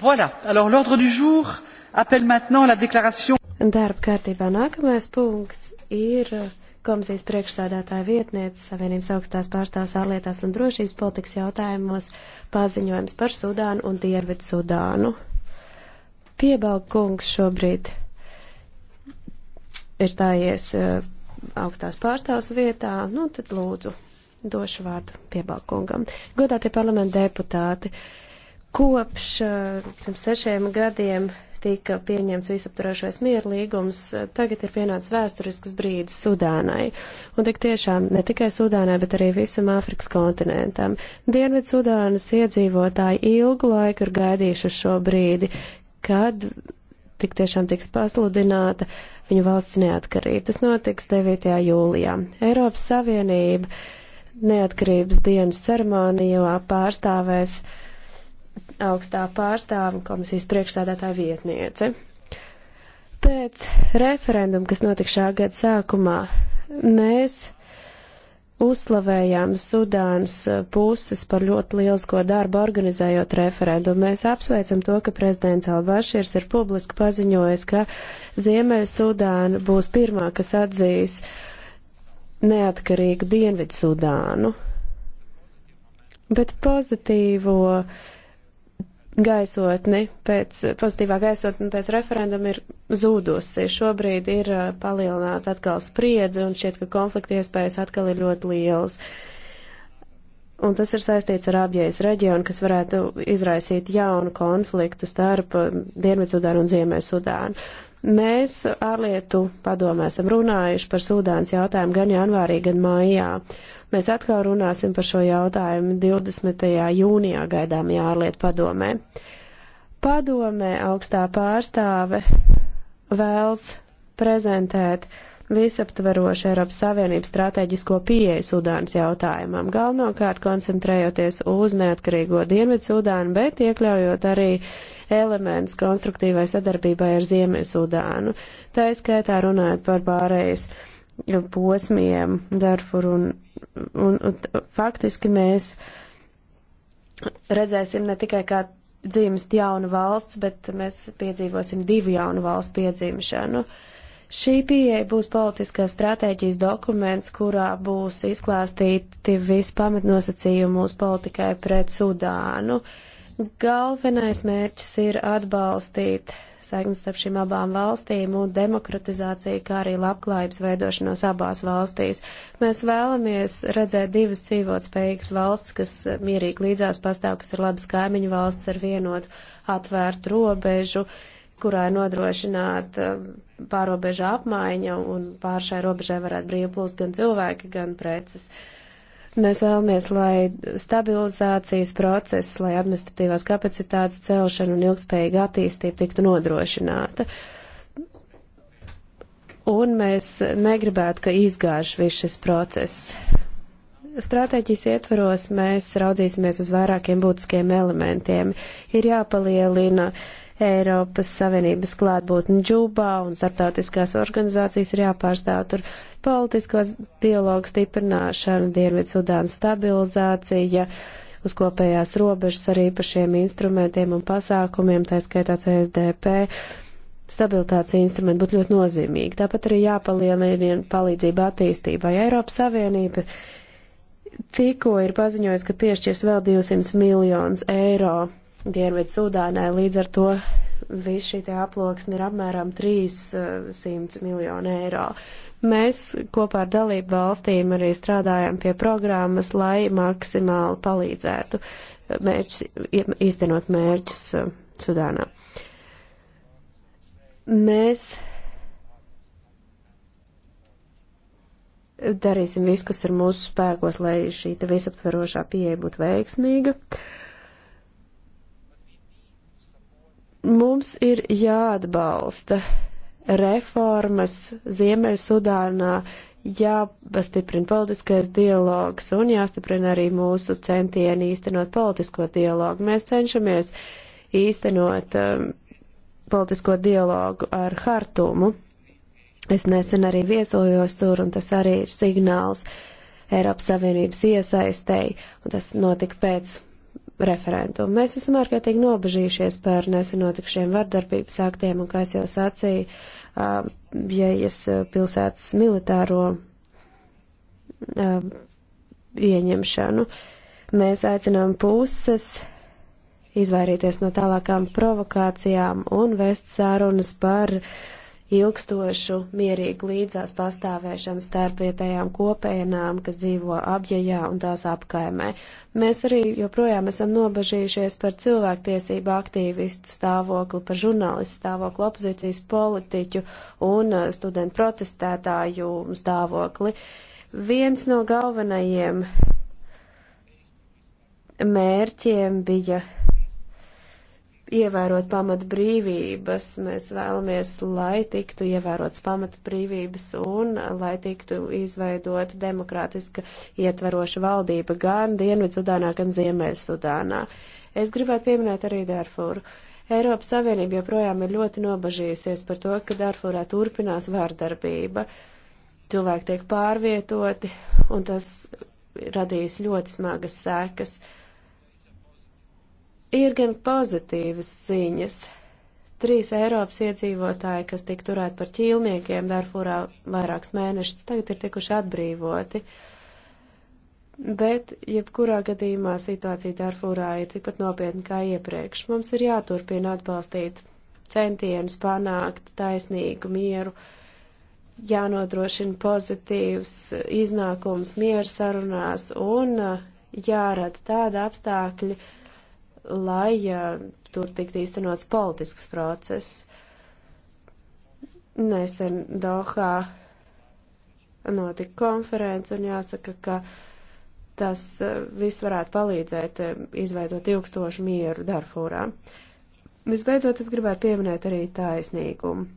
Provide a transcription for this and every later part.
Voilà. Alors, l'ordre du jour appelle maintenant la déclaration. Darba kārtībā nākamais punkts ir uh, komisijas priekšsādātāja vietniece Savienības augstās pārstāvs ārlietās un drošības politikas jautājumos paziņojums par Sudānu un Dienvidu Sudānu. Piebalga kungs šobrīd ir stājies uh, augstās pārstāvs vietā, nu tad lūdzu došu vārdu piebalga kungam. Godātie parlamenta deputāti. Uh, Kopš eh, pirms sešiem gadiem tika pieņemts visapturošais mieru līgums, eh, tagad ir pienācis vēsturisks brīdis Sudānai. Un tik tiešām ne tikai Sudānai, bet arī visam Āfrikas kontinentam. Dienvid Sudānas iedzīvotāji ilgu laiku ir gaidījuši šo brīdi, kad tik tiešām tiks pasludināta viņu valsts neatkarība. Tas notiks 9. jūlijā. Eiropas Savienība neatkarības dienas ceremonijā pārstāvēs uh, augstā pārstāva komisijas priekšsēdētāja vietniece. Pēc referenduma, kas notika šā gada sākumā, mēs uzslavējām Sudānas puses par ļoti lielisko darbu organizējot referendumu. Mēs apsveicam to, ka prezidents Albašīrs ir publiski paziņojis, ka Ziemeļa Sudāna būs pirmā, kas atzīs neatkarīgu Dienvidu Sudānu. Bet pozitīvo uh, gaisotni pēc, pozitīvā gaisotni pēc referenduma ir zūdusi. Šobrīd ir uh, palielināta atkal spriedze un šķiet, ka konflikta iespējas atkal ir ļoti lielas. Un tas ir saistīts ar apjējas reģionu, kas varētu izraisīt jaunu konfliktu starp uh, Dienvidsudānu un Ziemeļsudānu. Mēs ārlietu padomē esam runājuši par Sudānas jautājumu gan janvārī, gan mājā. Uh, Mēs atkal runāsim par šo jautājumu 20. jūnijā gaidāmajā ārlietu padomē. Padomē augstā pārstāve vēls prezentēt visaptverošu Eiropas Savienības strateģisko pieeju Sudānas jautājumam, galvenokārt koncentrējoties uz neatkarīgo Dienvidu Sudānu, bet iekļaujot arī elementus konstruktīvai sadarbībai ar Ziemeļu Sudānu. Tā izskaitā runājot par pārējais posmiem Darfur un un, un faktiski mēs redzēsim ne tikai kā dzimst jauna valsts, bet mēs piedzīvosim divu jaunu valstu piedzimšanu. Šī pieeja būs politiskās stratēģijas dokuments, kurā būs izklāstīti visi pamatnosacījumi mūsu politikai pret Sudānu. Galvenais mērķis ir atbalstīt saiknes starp šīm abām valstīm un demokratizāciju, kā arī labklājības veidošanos abās valstīs. Mēs vēlamies redzēt divas dzīvotspējīgas valsts, kas mierīgi līdzās pastāv, kas ir labas kaimiņu valsts ar vienotu atvērtu robežu, kurā ir nodrošināta um, pārobeža apmaiņa un pār šai robežai varētu brīvi plūst gan cilvēki, gan preces. Uh, Mēs vēlamies, lai stabilizācijas process, lai administratīvās kapacitātes celšana un ilgspējīga attīstība tiktu nodrošināta. Un mēs negribētu, ka izgāž viss šis process. Stratēģijas ietvaros mēs raudzīsimies uz vairākiem būtiskiem elementiem. Ir jāpalielina uh, Eiropas Savienības klātbūtni Džūbā un starptautiskās organizācijas ir jāpārstāv tur politiskos dialogu stiprināšanu, Dienvidu Sudānas stabilizācija, uz kopējās robežas arī par šiem instrumentiem un pasākumiem, tā skaitā CSDP. Stabilitācija instrumenti būtu ļoti nozīmīgi. Tāpat arī jāpalielina palīdzība attīstībai. Eiropas Savienība tikko ir paziņojis, ka piešķirs vēl 200 miljonus eiro Dienvidu Sudānai. Līdz ar to viss šī aploksne ir apmēram 300 miljonu eiro. Mēs kopā ar dalību valstīm arī strādājam pie programmas, lai maksimāli palīdzētu mērķus, iztenot uh, mērķus Sudānā. Mēs darīsim visu, kas ir mūsu spēkos, lai šī visaptverošā pieeja būtu veiksmīga. Uh, Mums ir jāatbalsta reformas Ziemeļsudānā, jāpastiprina politiskais dialogs un jāstiprina arī mūsu centieni īstenot politisko dialogu. Mēs cenšamies īstenot um, politisko dialogu ar Hartumu. Es nesen arī viesojos tur, un tas arī ir signāls Eiropas Savienības iesaistēji, un tas notika pēc referentu. Mēs esam ārkārtīgi nobežījušies par nesenotikušiem vardarbības aktiem, un, kā es jau sacīju, uh, Jējas pilsētas militāro uh, ieņemšanu. Mēs aicinām puses izvairīties no tālākām provokācijām un vēst sārunas par uh, ilgstošu, mierīgu līdzās pastāvēšanu starp vietējām kopienām, kas dzīvo apģējā un tās apkaimē. Mēs arī joprojām esam nobažījušies par cilvēktiesību aktīvistu stāvokli, par žurnālistu stāvokli, opozīcijas politiķu un eh, studentu protestētāju stāvokli. Viens no galvenajiem mērķiem bija ievērot pamat brīvības, mēs vēlamies, lai tiktu ievērots pamat brīvības un lai tiktu izveidot demokrātiska ietveroša valdība gan Dienvidsudānā, gan Ziemeļsudānā. Es gribētu pieminēt arī Darfūru. Eiropas Savienība joprojām ir ļoti nobažījusies par to, ka Darfūrā turpinās vārdarbība. Cilvēki tiek pārvietoti, un tas radīs ļoti smagas sēkas. Uh, Ir gan pozitīvas ziņas. Trīs Eiropas iedzīvotāji, kas tika turēti par ķīlniekiem Darfūrā vairākus mēnešus, tagad ir tikuši atbrīvoti. Bet, jebkurā gadījumā, situācija Darfūrā ir tikpat nopietna kā iepriekš. Mums ir jāturpina atbalstīt centienus panākt taisnīgu mieru, jānodrošina pozitīvs iznākums mieru sarunās un uh, jārada tāda apstākļa, lai tur tiktu īstenots politisks process. Nesen Dohā notika konference un jāsaka, ka tas eh, viss varētu palīdzēt eh, izveidot ilgstošu mieru Darfūrā. Visbeidzot, es gribētu pieminēt arī taisnīgumu.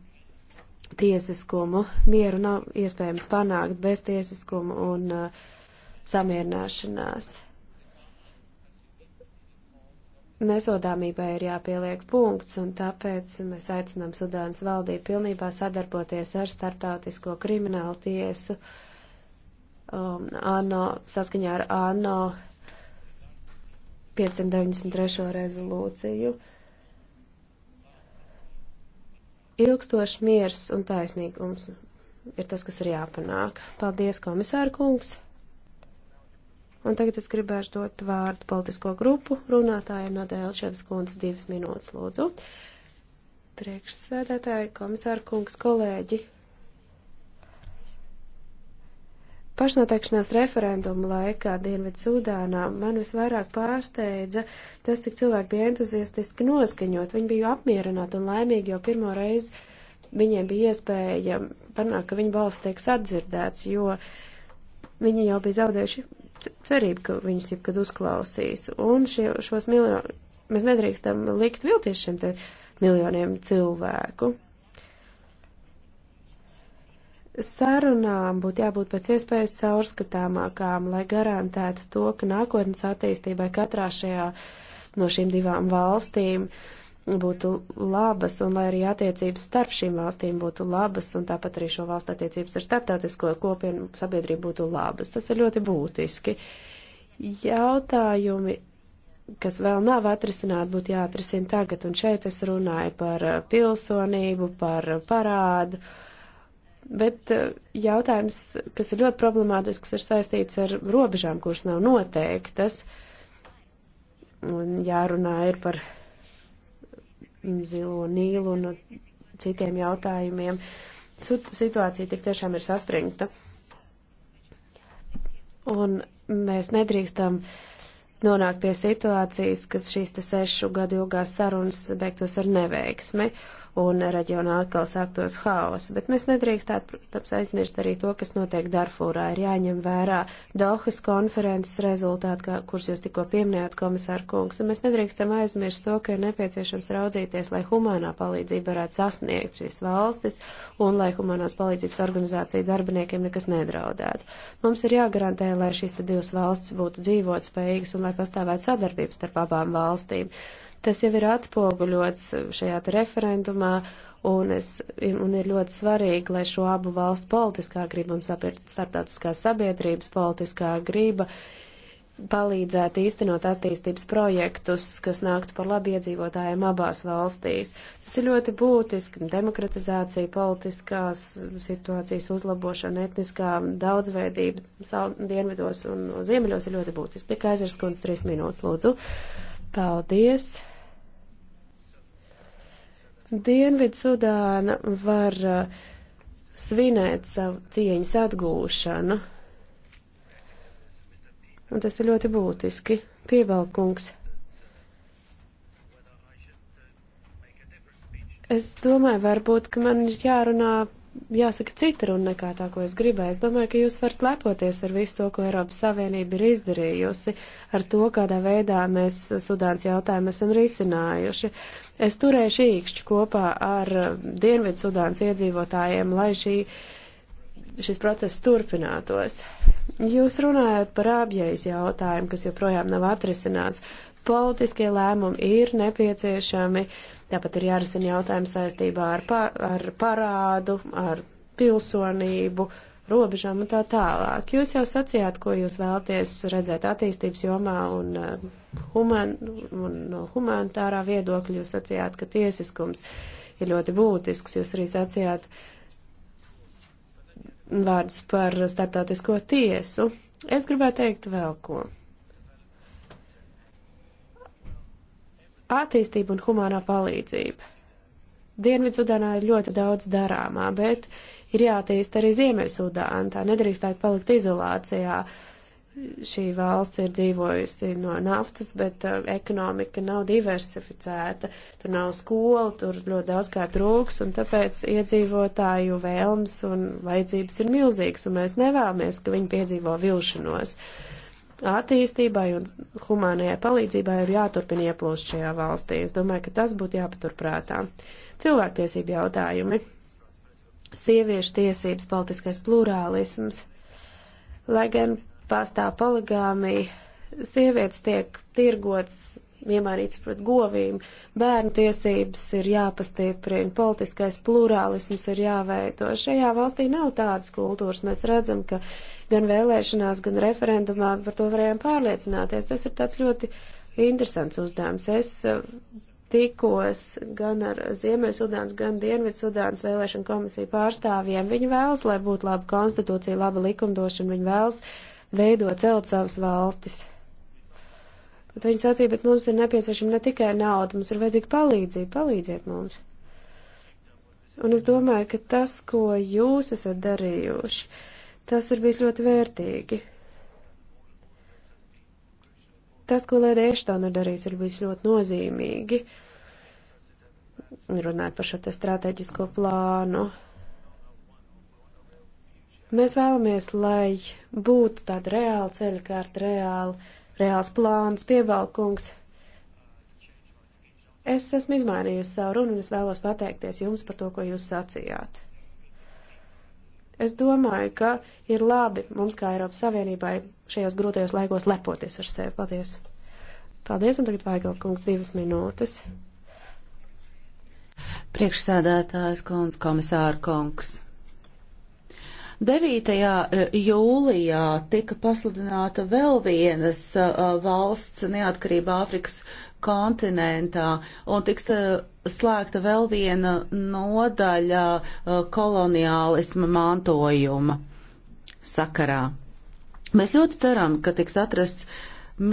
Tiesiskumu mieru nav iespējams panākt bez tiesiskumu un uh, samierināšanās nesodāmībai ir jāpieliek punkts, un tāpēc mēs aicinām Sudānas valdību pilnībā sadarboties ar starptautisko kriminālu tiesu um, ANO, saskaņā ar ANO 593. rezolūciju. Ilgstošs miers un taisnīgums ir tas, kas ir jāpanāk. Paldies, komisāra kungs! Un tagad es gribēšu dot vārdu politisko grupu runātājiem Nadēļa Ševas kundze divas minūtes, lūdzu. Priekšsēdētāji, komisāra kungs, kolēģi. Pašnoteikšanās referendumu laikā Dienvidu Sudānā man visvairāk pārsteidza tas, cik cilvēki bija entuziastiski noskaņot. Viņi bija apmierināti un laimīgi, jo pirmo reizi viņiem bija iespēja panākt, ka viņu balss tiek sadzirdēts, jo viņi jau bija zaudējuši cerību, ka viņus jebkad uzklausīs. Un šie, šos miljonus, mēs nedrīkstam likt vilties šiem te miljoniem cilvēku. Sarunām būtu jābūt pēc iespējas caurskatāmākām, lai garantētu to, ka nākotnes attīstībai katrā šajā no šīm divām valstīm uh, būtu labas un lai arī attiecības starp šīm valstīm būtu labas un tāpat arī šo valstu attiecības ar starptautisko kopienu sabiedrību būtu labas. Tas ir ļoti būtiski. Jautājumi, kas vēl nav atrisināti, būtu jāatrisina tagad, un šeit es runāju par eh, pilsonību, par parādu, bet eh, jautājums, kas ir ļoti problemātisks, ir saistīts ar robežām, kuras nav noteiktas, un jārunā ir par zilo nīlu un citiem jautājumiem. Situācija tik tiešām ir saspringta. Un mēs nedrīkstam nonākt pie situācijas, kas šīs te sešu gadu ilgās sarunas beigtos ar neveiksmi. Uh, un reģionā atkal sāktos haoss. Bet mēs nedrīkstētu, protams, aizmirst arī to, kas notiek Darfūrā. Ir jāņem vērā Dohas konferences rezultāti, kā, kurus jūs tikko pieminējāt, komisāra kungs, un mēs nedrīkstam aizmirst to, ka ir nepieciešams raudzīties, lai humānā palīdzība varētu sasniegt šīs valstis un lai humanās palīdzības organizācija darbiniekiem nekas nedraudētu. Mums ir jāgarantē, lai šīs divas valstis būtu dzīvotspējīgas un lai pastāvētu sadarbības starp abām valstīm. Tas jau ir atspoguļots šajā referendumā, un, es, un ir ļoti svarīgi, lai šo abu valstu politiskā griba un starptautiskā sabiedrības politiskā griba palīdzētu īstenot attīstības projektus, kas nāktu par labi iedzīvotājiem abās valstīs. Tas ir ļoti būtiski - demokratizācija, politiskās situācijas uzlabošana, etniskā daudzveidība dienvidos un ziemeļos ir ļoti būtiski. Tikai aizras kundze trīs minūtes, lūdzu. Uh, Paldies! Dienvidsudāna var uh, svinēt savu cieņas atgūšanu. Un tas ir ļoti būtiski. Piebalkungs. Es domāju, varbūt, ka man ir jārunā jāsaka cita runa nekā tā, ko es gribēju. Es domāju, ka jūs varat lepoties ar visu to, ko Eiropas Savienība ir izdarījusi, ar to, kādā veidā mēs Sudāns jautājumu esam risinājuši. Es turēšu īkšķi kopā ar Dienvidu Sudāns iedzīvotājiem, lai šī, šis process turpinātos. Jūs runājat par ābjais jautājumu, kas joprojām nav atrisināts. Politiskie lēmumi ir nepieciešami. Uh, Tāpat ir jārisina jautājums saistībā ar, pa, ar parādu, ar pilsonību, robežām un tā tālāk. Jūs jau sacījāt, ko jūs vēlaties redzēt attīstības jomā un, eh, human, un no humanitārā viedokļa. Jūs sacījāt, ka tiesiskums ir ļoti būtisks. Jūs arī sacījāt vārdus par starptautisko tiesu. Es gribēju teikt vēl ko. Attīstība un humānā palīdzība. Dienvidzudānā ir ļoti daudz darāmā, bet ir jātīst arī Ziemeļsudāna. Tā nedrīkstētu palikt izolācijā. Šī valsts ir dzīvojusi no naftas, bet uh, ekonomika nav diversificēta. Tur nav skola, tur ļoti daudz kā trūks, un tāpēc iedzīvotāju vēlms un vajadzības ir milzīgas, un mēs nevēlamies, ka viņi piedzīvo vilšanos. Uh, attīstībai un humānajai palīdzībai ir jāturpina ieplūst šajā valstī. Es domāju, ka tas būtu jāpaturprātā. Cilvēktiesību jautājumi, sieviešu tiesības, politiskais plurālisms, lai gan pastāv poligāmija, sievietes tiek tirgots, iemainīts pret govīm, bērnu tiesības ir jāpastieprina, politiskais plurālisms ir jāveido. Šajā valstī nav tādas kultūras. Mēs redzam, ka gan vēlēšanās, gan referendumā par to varējām pārliecināties. Tas ir tāds ļoti interesants uzdevums. Es eh, tikos gan ar Ziemeļsudāns, gan Dienvidsudāns vēlēšanu komisiju pārstāvjiem. Viņi vēlas, lai būtu laba konstitūcija, laba likumdošana, viņi vēlas veidot, celt savas valstis. Bet viņi sacīja, bet mums ir nepieciešama ne tikai nauda, mums ir vajadzīga palīdzība, palīdziet mums. Un es domāju, ka tas, ko jūs esat darījuši, Tas ir bijis ļoti vērtīgi. Tas, ko Lēda Eštona darīs, ir bijis ļoti nozīmīgi. Runāt par šo te strateģisko plānu. Mēs vēlamies, lai būtu tāda reāla ceļkārta, reāla, reāls plāns, piebalkungs. Es esmu izmainījusi savu runu un es vēlos pateikties jums par to, ko jūs sacījāt. Es domāju, ka ir labi mums kā Eiropas Savienībai šajos grūtajos laikos lepoties ar sevi. Paldies! Paldies, un tagad Vaigala kungs divas minūtes. Priekšsēdētājs kungs, komisāra kungs. 9. Eh, jūlijā tika pasludināta vēl vienas eh, valsts neatkarība Āfrikas kontinentā un tiks eh, slēgta vēl viena nodaļa eh, koloniālisma mantojuma sakarā. Mēs ļoti ceram, ka tiks atrasts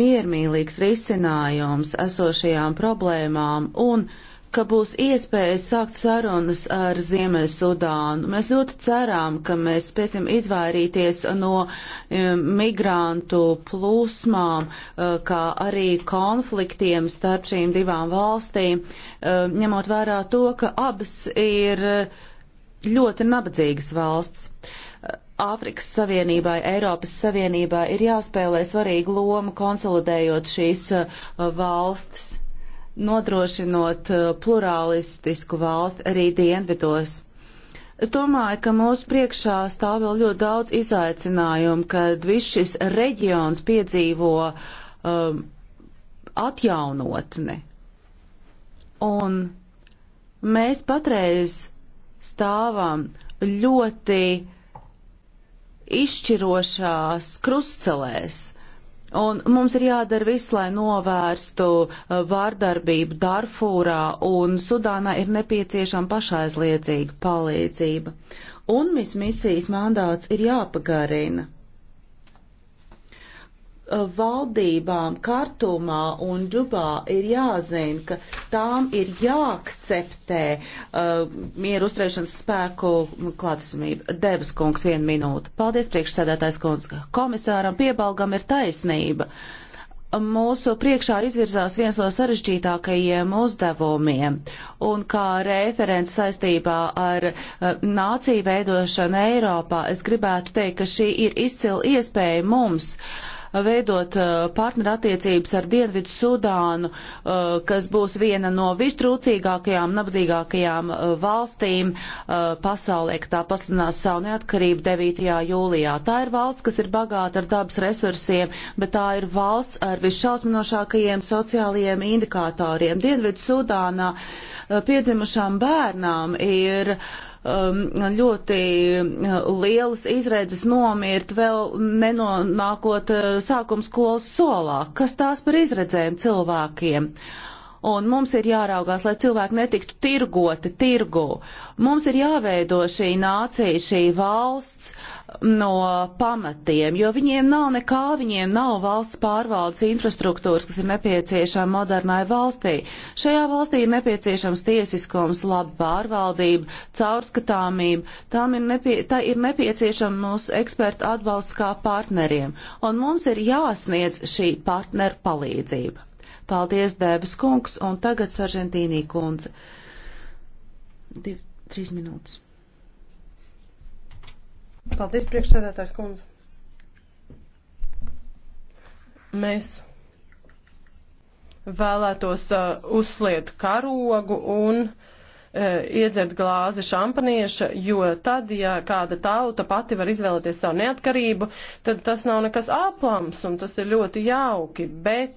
miermīlīgs risinājums esošajām problēmām un uh, ka būs iespēja sākt sarunas ar Ziemeļsudānu. Mēs ļoti cerām, ka mēs spēsim izvairīties no um, migrantu plūsmām, uh, kā arī konfliktiem starp šīm divām valstīm, uh, ņemot vērā to, ka abas ir ļoti nabadzīgas valsts. Āfrikas Savienībai, Eiropas Savienībai ir jāspēlē svarīga loma konsolidējot šīs uh, valstis nodrošinot eh, plurālistisku valsti arī dienvidos. Es domāju, ka mūsu priekšā stāv vēl ļoti daudz izaicinājumu, kad viss šis reģions piedzīvo um, atjaunotni. Un mēs patreiz stāvam ļoti izšķirošās krustcelēs Un mums ir jādara viss, lai novērstu uh, vārdarbību Darfūrā, un Sudānā ir nepieciešama pašaizliedzīga palīdzība. UNMIS misijas mandāts ir jāpagarina. Uh, valdībām Kartumā un Džubā ir jāzina, ka tām ir jāakceptē uh, mieru uzturēšanas spēku klātesamība. Devas kungs, vienu minūtu. Paldies, priekšsēdētājs kungs. Komisāram piebalgam ir taisnība. Mūsu priekšā izvirzās viens no sarežģītākajiem uzdevumiem, un kā referents saistībā ar uh, nāciju veidošanu Eiropā, es gribētu teikt, ka šī ir izcila iespēja mums uh, veidot uh, partnerattiecības ar Dienvidu Sudānu, uh, kas būs viena no vistrūcīgākajām, nabadzīgākajām uh, valstīm pasaulē, ka tā paslinās savu neatkarību 9. jūlijā. Tā ir valsts, kas ir bagāta ar dabas resursiem, bet tā ir valsts ar visšausminošākajiem sociālajiem indikatoriem. Dienvidu Sudānā piedzimušām bērnām ir uh, Um, ļoti uh, lielas izredzes nomirt vēl nenonākot uh, sākums skolas solā. Kas tās par izredzēm cilvēkiem? Uh, un mums ir jāraugās, lai cilvēki netiktu tirgoti tirgu. Mums ir jāveido šī nācija, šī valsts no pamatiem, jo viņiem nav nekā, viņiem nav valsts pārvaldes infrastruktūras, kas ir nepieciešama modernai valstī. Šajā valstī ir nepieciešams tiesiskums, laba pārvaldība, caurskatāmība, tam ir, nepie, tā ir nepieciešama mūsu ekspertu atbalsts kā partneriem, un mums ir jāsniedz šī partneru palīdzība. Paldies, Dēbas kungs, un tagad Saržantīnī kundze. Div, trīs minūtes. Paldies, priekšsēdētājs kundze. Mēs vēlētos uh, uzsliet karogu un uh, iedzert glāzi šampanieša, jo tad, ja kāda tauta pati var izvēlēties savu neatkarību, tad tas nav nekas aplams un tas ir ļoti jauki, bet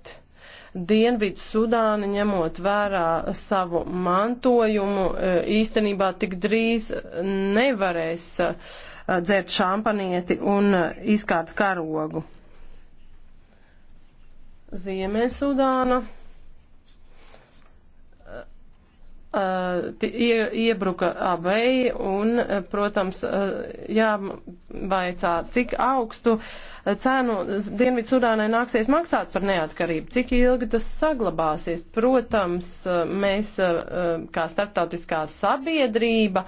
Dienvidu Sudāni, ņemot vērā savu mantojumu, e, īstenībā tik drīz nevarēs e, dzert šampanieti un e, izkārt karogu. Ziemē Sudāna Eh, ie, iebruka abeji un, eh, protams, eh, jāvaicā, cik augstu cenu Dienvidu Sudānai nāksies maksāt par neatkarību, cik ilgi tas saglabāsies. Protams, mēs kā starptautiskā sabiedrība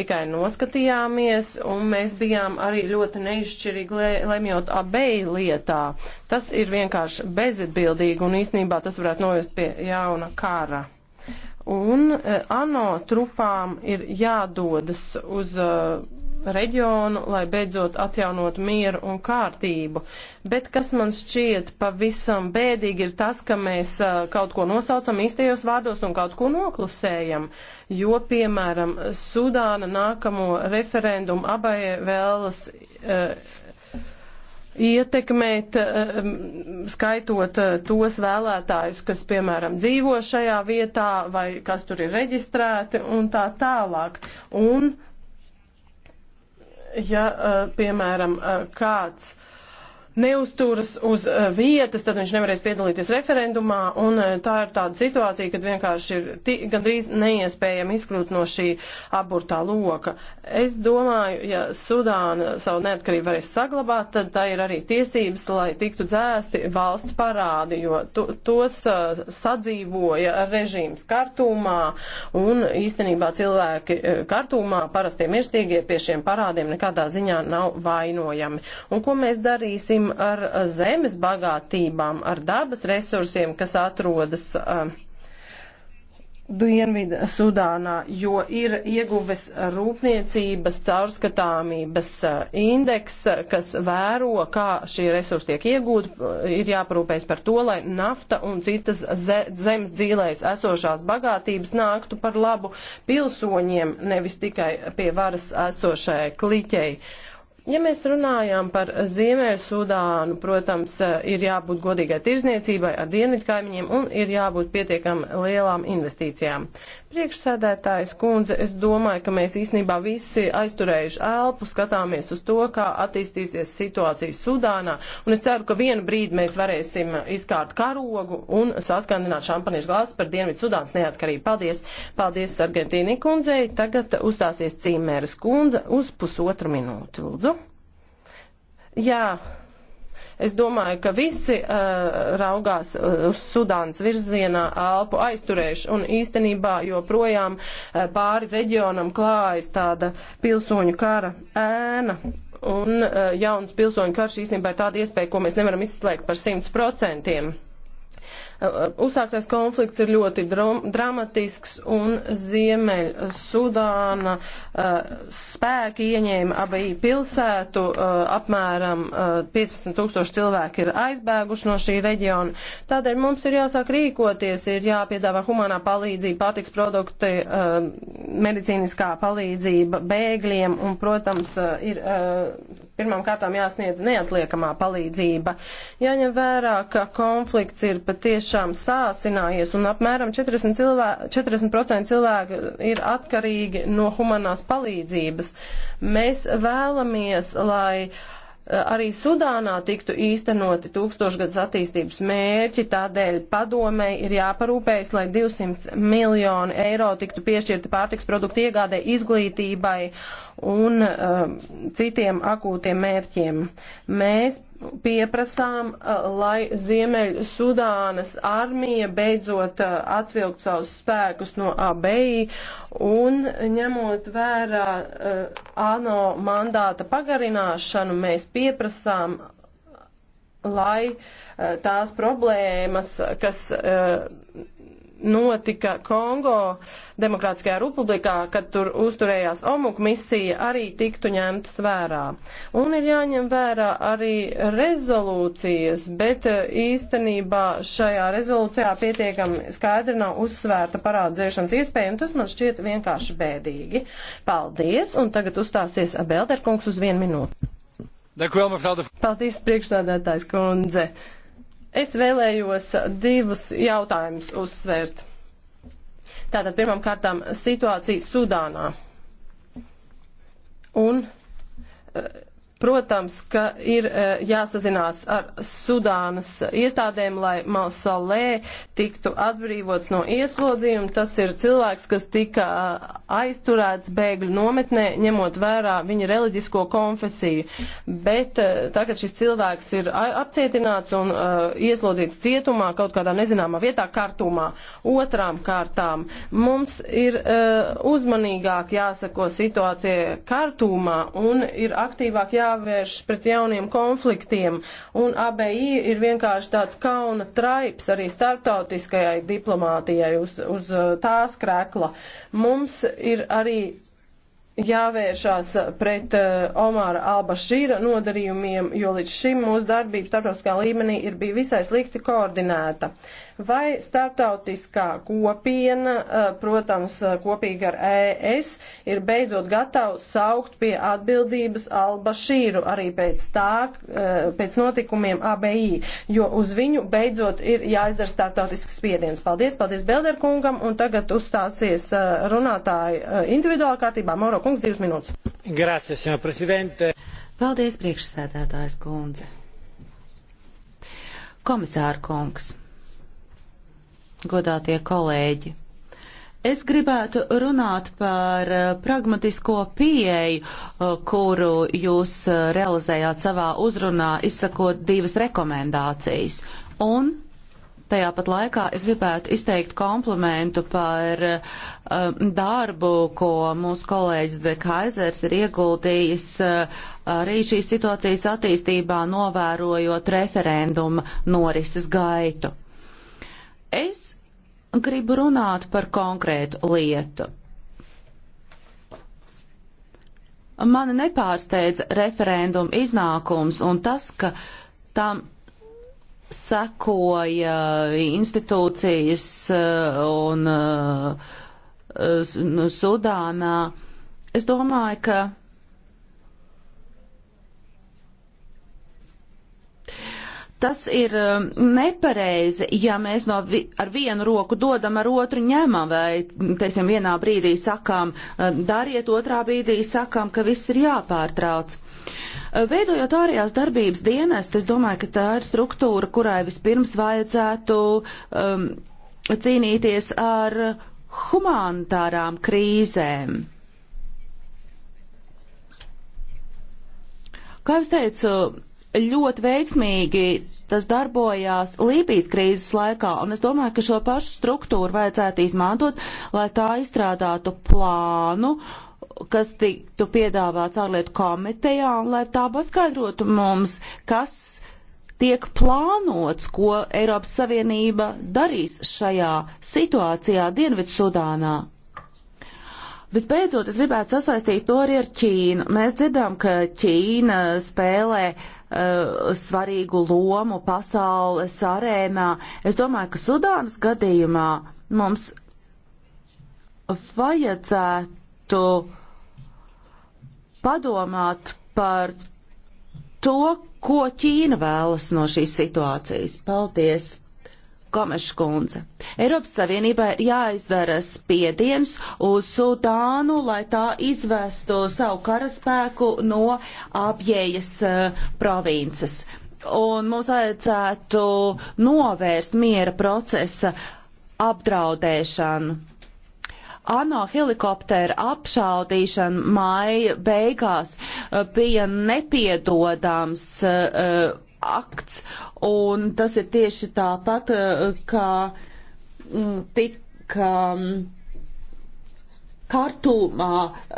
tikai noskatījāmies un mēs bijām arī ļoti neizšķirīgi lemjot abeju lietā. Tas ir vienkārši bezatbildīgi un īsnībā tas varētu novest pie jauna kara. Un eh, ANO trupām ir jādodas uz eh, reģionu, lai beidzot atjaunot mieru un kārtību. Bet kas man šķiet pavisam bēdīgi ir tas, ka mēs eh, kaut ko nosaucam īstajos vārdos un kaut ko noklusējam, jo, piemēram, Sudāna nākamo referendumu abai vēlas uh, ietekmēt, eh, skaitot eh, tos vēlētājus, kas, piemēram, dzīvo šajā vietā vai kas tur ir reģistrēti un tā tālāk. Un, ja, eh, piemēram, kāds neuzturas uz uh, vietas, tad viņš nevarēs piedalīties referendumā, un uh, tā ir tāda situācija, kad vienkārši ir gandrīz neiespējami izkļūt no šī aburtā loka. Es domāju, ja Sudāna savu neatkarību varēs saglabāt, tad tā ir arī tiesības, lai tiktu dzēsti valsts parādi, jo to, tos uh, sadzīvoja režīms kartumā, un īstenībā cilvēki kartumā parastie mirstīgie pie šiem parādiem nekādā ziņā nav vainojami. Un ko mēs darīsim? valstīm ar zemes bagātībām, ar dabas resursiem, kas atrodas uh, Dienvidu Sudānā, jo ir ieguvis rūpniecības caurskatāmības uh, indeks, kas vēro, kā šie resursi tiek iegūti, ir jāparūpējas par to, lai nafta un citas ze zemes dzīvēs esošās bagātības nāktu par labu pilsoņiem, nevis tikai pie varas esošai kliķei. Uh, Ja mēs runājām par Ziemeļsudānu, protams, ir jābūt godīgai tirzniecībai ar dienvidkaimiņiem un ir jābūt pietiekam lielām investīcijām. Priekšsēdētājs kundze, es domāju, ka mēs īstenībā visi aizturējuši elpu, skatāmies uz to, kā attīstīsies situācija Sudānā, un es ceru, ka vienu brīdi mēs varēsim izkārt karogu un saskandināt šampaniešu glāzi par Dienvidsudānas neatkarību. Paldies! Paldies Argentīni kundzei! Tagad uzstāsies Cīmēras kundze uz pusotru minūti. Lūdzu! Jā, Es domāju, ka visi uh, raugās uh, uz Sudānas virzienā elpu aizturējuši un īstenībā joprojām uh, pāri reģionam klājas tāda pilsoņu kara ēna. Un uh, jauns pilsoņu karš īstenībā ir tāda iespēja, ko mēs nevaram izslēgt par simt procentiem. Uzsāktais konflikts ir ļoti dramatisks un Ziemeļ Sudāna uh, spēki ieņēma abī pilsētu, uh, apmēram 15 uh, tūkstoši cilvēki ir aizbēguši no šī reģiona. Tādēļ mums ir jāsāk rīkoties, ir jāpiedāvā humanā palīdzība, pārtiks produkti, medicīniskā palīdzība bēgļiem un, protams, ir pirmām kārtām jāsniedz neatliekamā palīdzība. Jāņem vērā, ka konflikts ir patiešām tiešām sāsinājies un apmēram 40%, cilvē, 40 cilvēku ir atkarīgi no humanās palīdzības. Mēs vēlamies, lai eh, arī Sudānā tiktu īstenoti tūkstošgads attīstības mērķi, tādēļ padomei ir jāparūpējas, lai 200 miljoni eiro tiktu piešķirti pārtiks produktu iegādē izglītībai un uh, citiem akūtiem mērķiem. Mēs pieprasām, uh, lai Ziemeļ Sudānas armija beidzot uh, atvilkt savus spēkus no ABI un ņemot vērā uh, ANO mandāta pagarināšanu, mēs pieprasām, lai tās problēmas, kas notika Kongo Demokrātiskajā republikā, kad tur uzturējās omuk misija, arī tiktu ņemtas vērā. Un ir jāņem vērā arī rezolūcijas, bet eh, īstenībā šajā rezolūcijā pietiekami skaidri nav uzsvērta parādzēšanas iespēja, un tas man šķiet vienkārši bēdīgi. Paldies, un tagad uzstāsies Belderkungs uz vienu minūti. Paldies, priekšsādātājs kundze. Es vēlējos divus jautājumus uzsvērt. Tātad pirmām kārtām situācija Sudānā. Un eh, Protams, ka ir e, jāsazinās ar Sudānas iestādēm, lai Malsalē tiktu atbrīvots no ieslodzījuma. Tas ir cilvēks, kas tika e, aizturēts bēgļu nometnē, ņemot vērā viņa reliģisko konfesiju. Bet e, tagad šis cilvēks ir apcietināts un ieslodzīts cietumā kaut kādā nezināmā vietā, kartumā. Otrām kārtām mums ir uzmanīgāk jāsako situācija kartumā un ir aktīvāk jā jāvērš pret jauniem konfliktiem, un ABI ir vienkārši tāds kauna traips arī starptautiskajai diplomātijai uz, uz uh, tās krekla. Mums ir arī jāvēršās pret uh, eh, Omāra Albašīra nodarījumiem, jo līdz šim mūsu darbība starptautiskā līmenī ir bija visai slikti koordinēta. Vai starptautiskā kopiena, uh, protams, eh, kopīgi ar ES, ir beidzot gatava saukt pie atbildības Albašīru arī pēc tā, uh, pēc notikumiem ABI, jo uz viņu beidzot ir jāizdara starptautisks spiediens. Paldies, paldies Belderkungam, un tagad uzstāsies runātāji individuāli kārtībā. Moro kungs, divas minūtes. Grācies, jā, prezidente. Paldies, priekšsēdētājs kundze. Komisāra kungs, godātie kolēģi. Es gribētu runāt par eh, pragmatisko pieeju, eh, kuru jūs eh, realizējāt savā uzrunā, izsakot divas rekomendācijas. Un Tajā pat laikā es gribētu izteikt komplimentu par uh, darbu, ko mūsu kolēģis De Kaisers ir ieguldījis uh, arī šīs situācijas attīstībā, novērojot referenduma norises gaitu. Es gribu runāt par konkrētu lietu. Mani nepārsteidz referenduma iznākums un tas, ka tam sekoja institūcijas eh, un eh, nu, Sudānā. Es domāju, ka tas ir eh, nepareizi, ja mēs no vi ar vienu roku dodam, ar otru ņemam, vai, teiksim, vienā brīdī sakām, dariet, otrā brīdī sakām, ka viss ir jāpārtrauc. Uh, Veidojot ārējās darbības dienestu, es domāju, ka tā ir struktūra, kurai vispirms vajadzētu um, cīnīties ar humanitārām krīzēm. Kā es teicu, ļoti veiksmīgi tas darbojās Lībijas krīzes laikā, un es domāju, ka šo pašu struktūru vajadzētu izmantot, lai tā izstrādātu plānu uh, kas tiktu piedāvāts ārlietu komitejā, un lai tā paskaidrotu mums, kas tiek plānots, ko Eiropas Savienība darīs šajā situācijā Dienvidsudānā. Visbeidzot, es gribētu sasaistīt to arī ar Ķīnu. Mēs dzirdām, ka Ķīna spēlē uh, svarīgu lomu pasaules arēnā. Es domāju, ka Sudānas gadījumā mums vajadzētu uh, padomāt par to, ko Ķīna vēlas no šīs situācijas. Paldies! Komeškundze. Eiropas Savienībai ir jāizdara spiediens uz Sudānu, lai tā izvestu savu karaspēku no apjējas uh, eh, provinces. Un mums vajadzētu novērst miera procesa apdraudēšanu ANO helikoptera apšaudīšana māja beigās eh, bija nepiedodams eh, akts, un tas ir tieši tāpat, eh, kā mm, tika mm, kartumā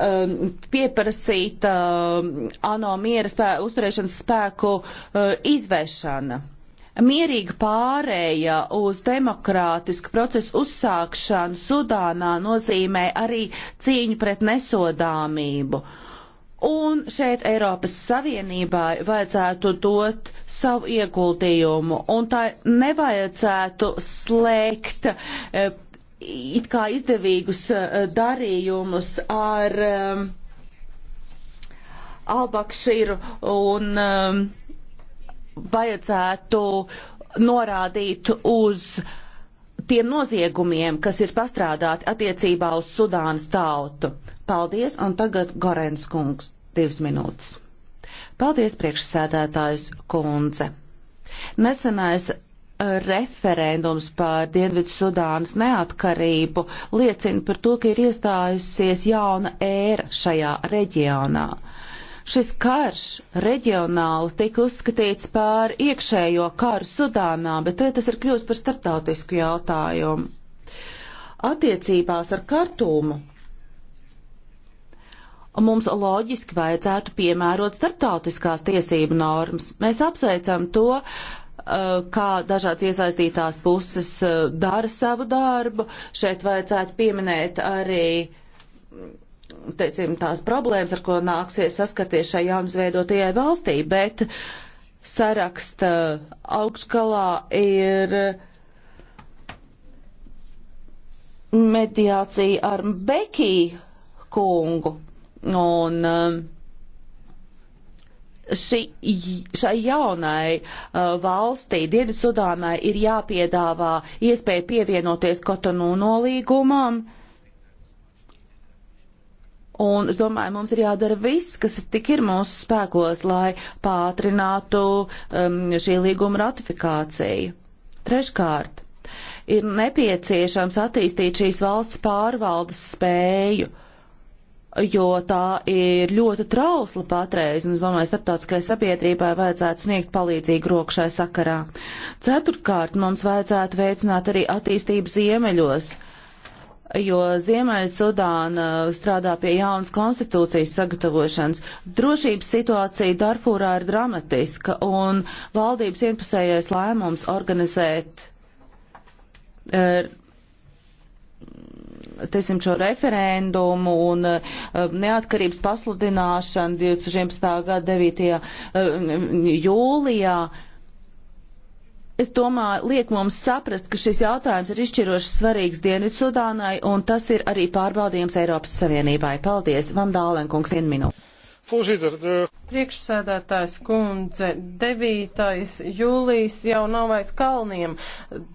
um, pieprasīta um, ANO miera spē, uzturēšanas spēku uh, izvešana. Mierīga pārēja uz demokrātisku procesu uzsākšanu Sudānā nozīmē arī cīņu pret nesodāmību. Un šeit Eiropas Savienībā vajadzētu dot savu ieguldījumu, un tā nevajadzētu slēgt e, it kā izdevīgus e, darījumus ar e, Albakšīru un um, vajadzētu norādīt uz tiem noziegumiem, kas ir pastrādāti attiecībā uz Sudānas tautu. Paldies, un tagad Gorens kungs, divas minūtes. Paldies, priekšsēdētājs kundze. Nesenais referendums par Dienvidu Sudānas neatkarību liecina par to, ka ir iestājusies jauna ēra šajā reģionā. Šis karš reģionāli tika uzskatīts par iekšējo karu Sudānā, bet tagad eh, tas ir kļūst par starptautisku jautājumu. Attiecībās ar kartumu mums loģiski vajadzētu piemērot starptautiskās tiesību normas. Mēs apsveicam to, eh, kā dažādas iesaistītās puses eh, dara savu darbu. Šeit vajadzētu pieminēt arī teiksim, tās problēmas, ar ko nāksies saskaties šai jaunzveidotajai valstī, bet saraksta augškalā ir mediācija ar Bekiju kungu. Un, um, Ši, šai jaunai uh, valstī, Dienvidsudānai, ir jāpiedāvā iespēja pievienoties Kotonu nolīgumam, uh, Un es domāju, mums ir jādara viss, kas tik ir mūsu spēkos, lai pātrinātu um, šī līguma ratifikāciju. Treškārt, ir nepieciešams attīstīt šīs valsts pārvaldes spēju, jo tā ir ļoti trausla patreiz, un es domāju, starptautiskai sabiedrībai vajadzētu sniegt palīdzīgu roku šai sakarā. Ceturtkārt, mums vajadzētu veicināt arī attīstību ziemeļos jo Ziemeļsudāna strādā pie jaunas konstitūcijas sagatavošanas. Drošības situācija Darfūrā ir dramatiska, un valdības vienpusējais lēmums organizēt er, teiksim, šo referendumu un e, neatkarības pasludināšanu 2011. gada 9. E, jūlijā es domāju, liek mums saprast, ka šis jautājums ir izšķiroši svarīgs Dienvidsudānai, un tas ir arī pārbaudījums Eiropas Savienībai. Paldies, Vandālenkungs, vienu minūti. Priekšsēdētājs kundze, 9. jūlijas jau nav vairs kalniem.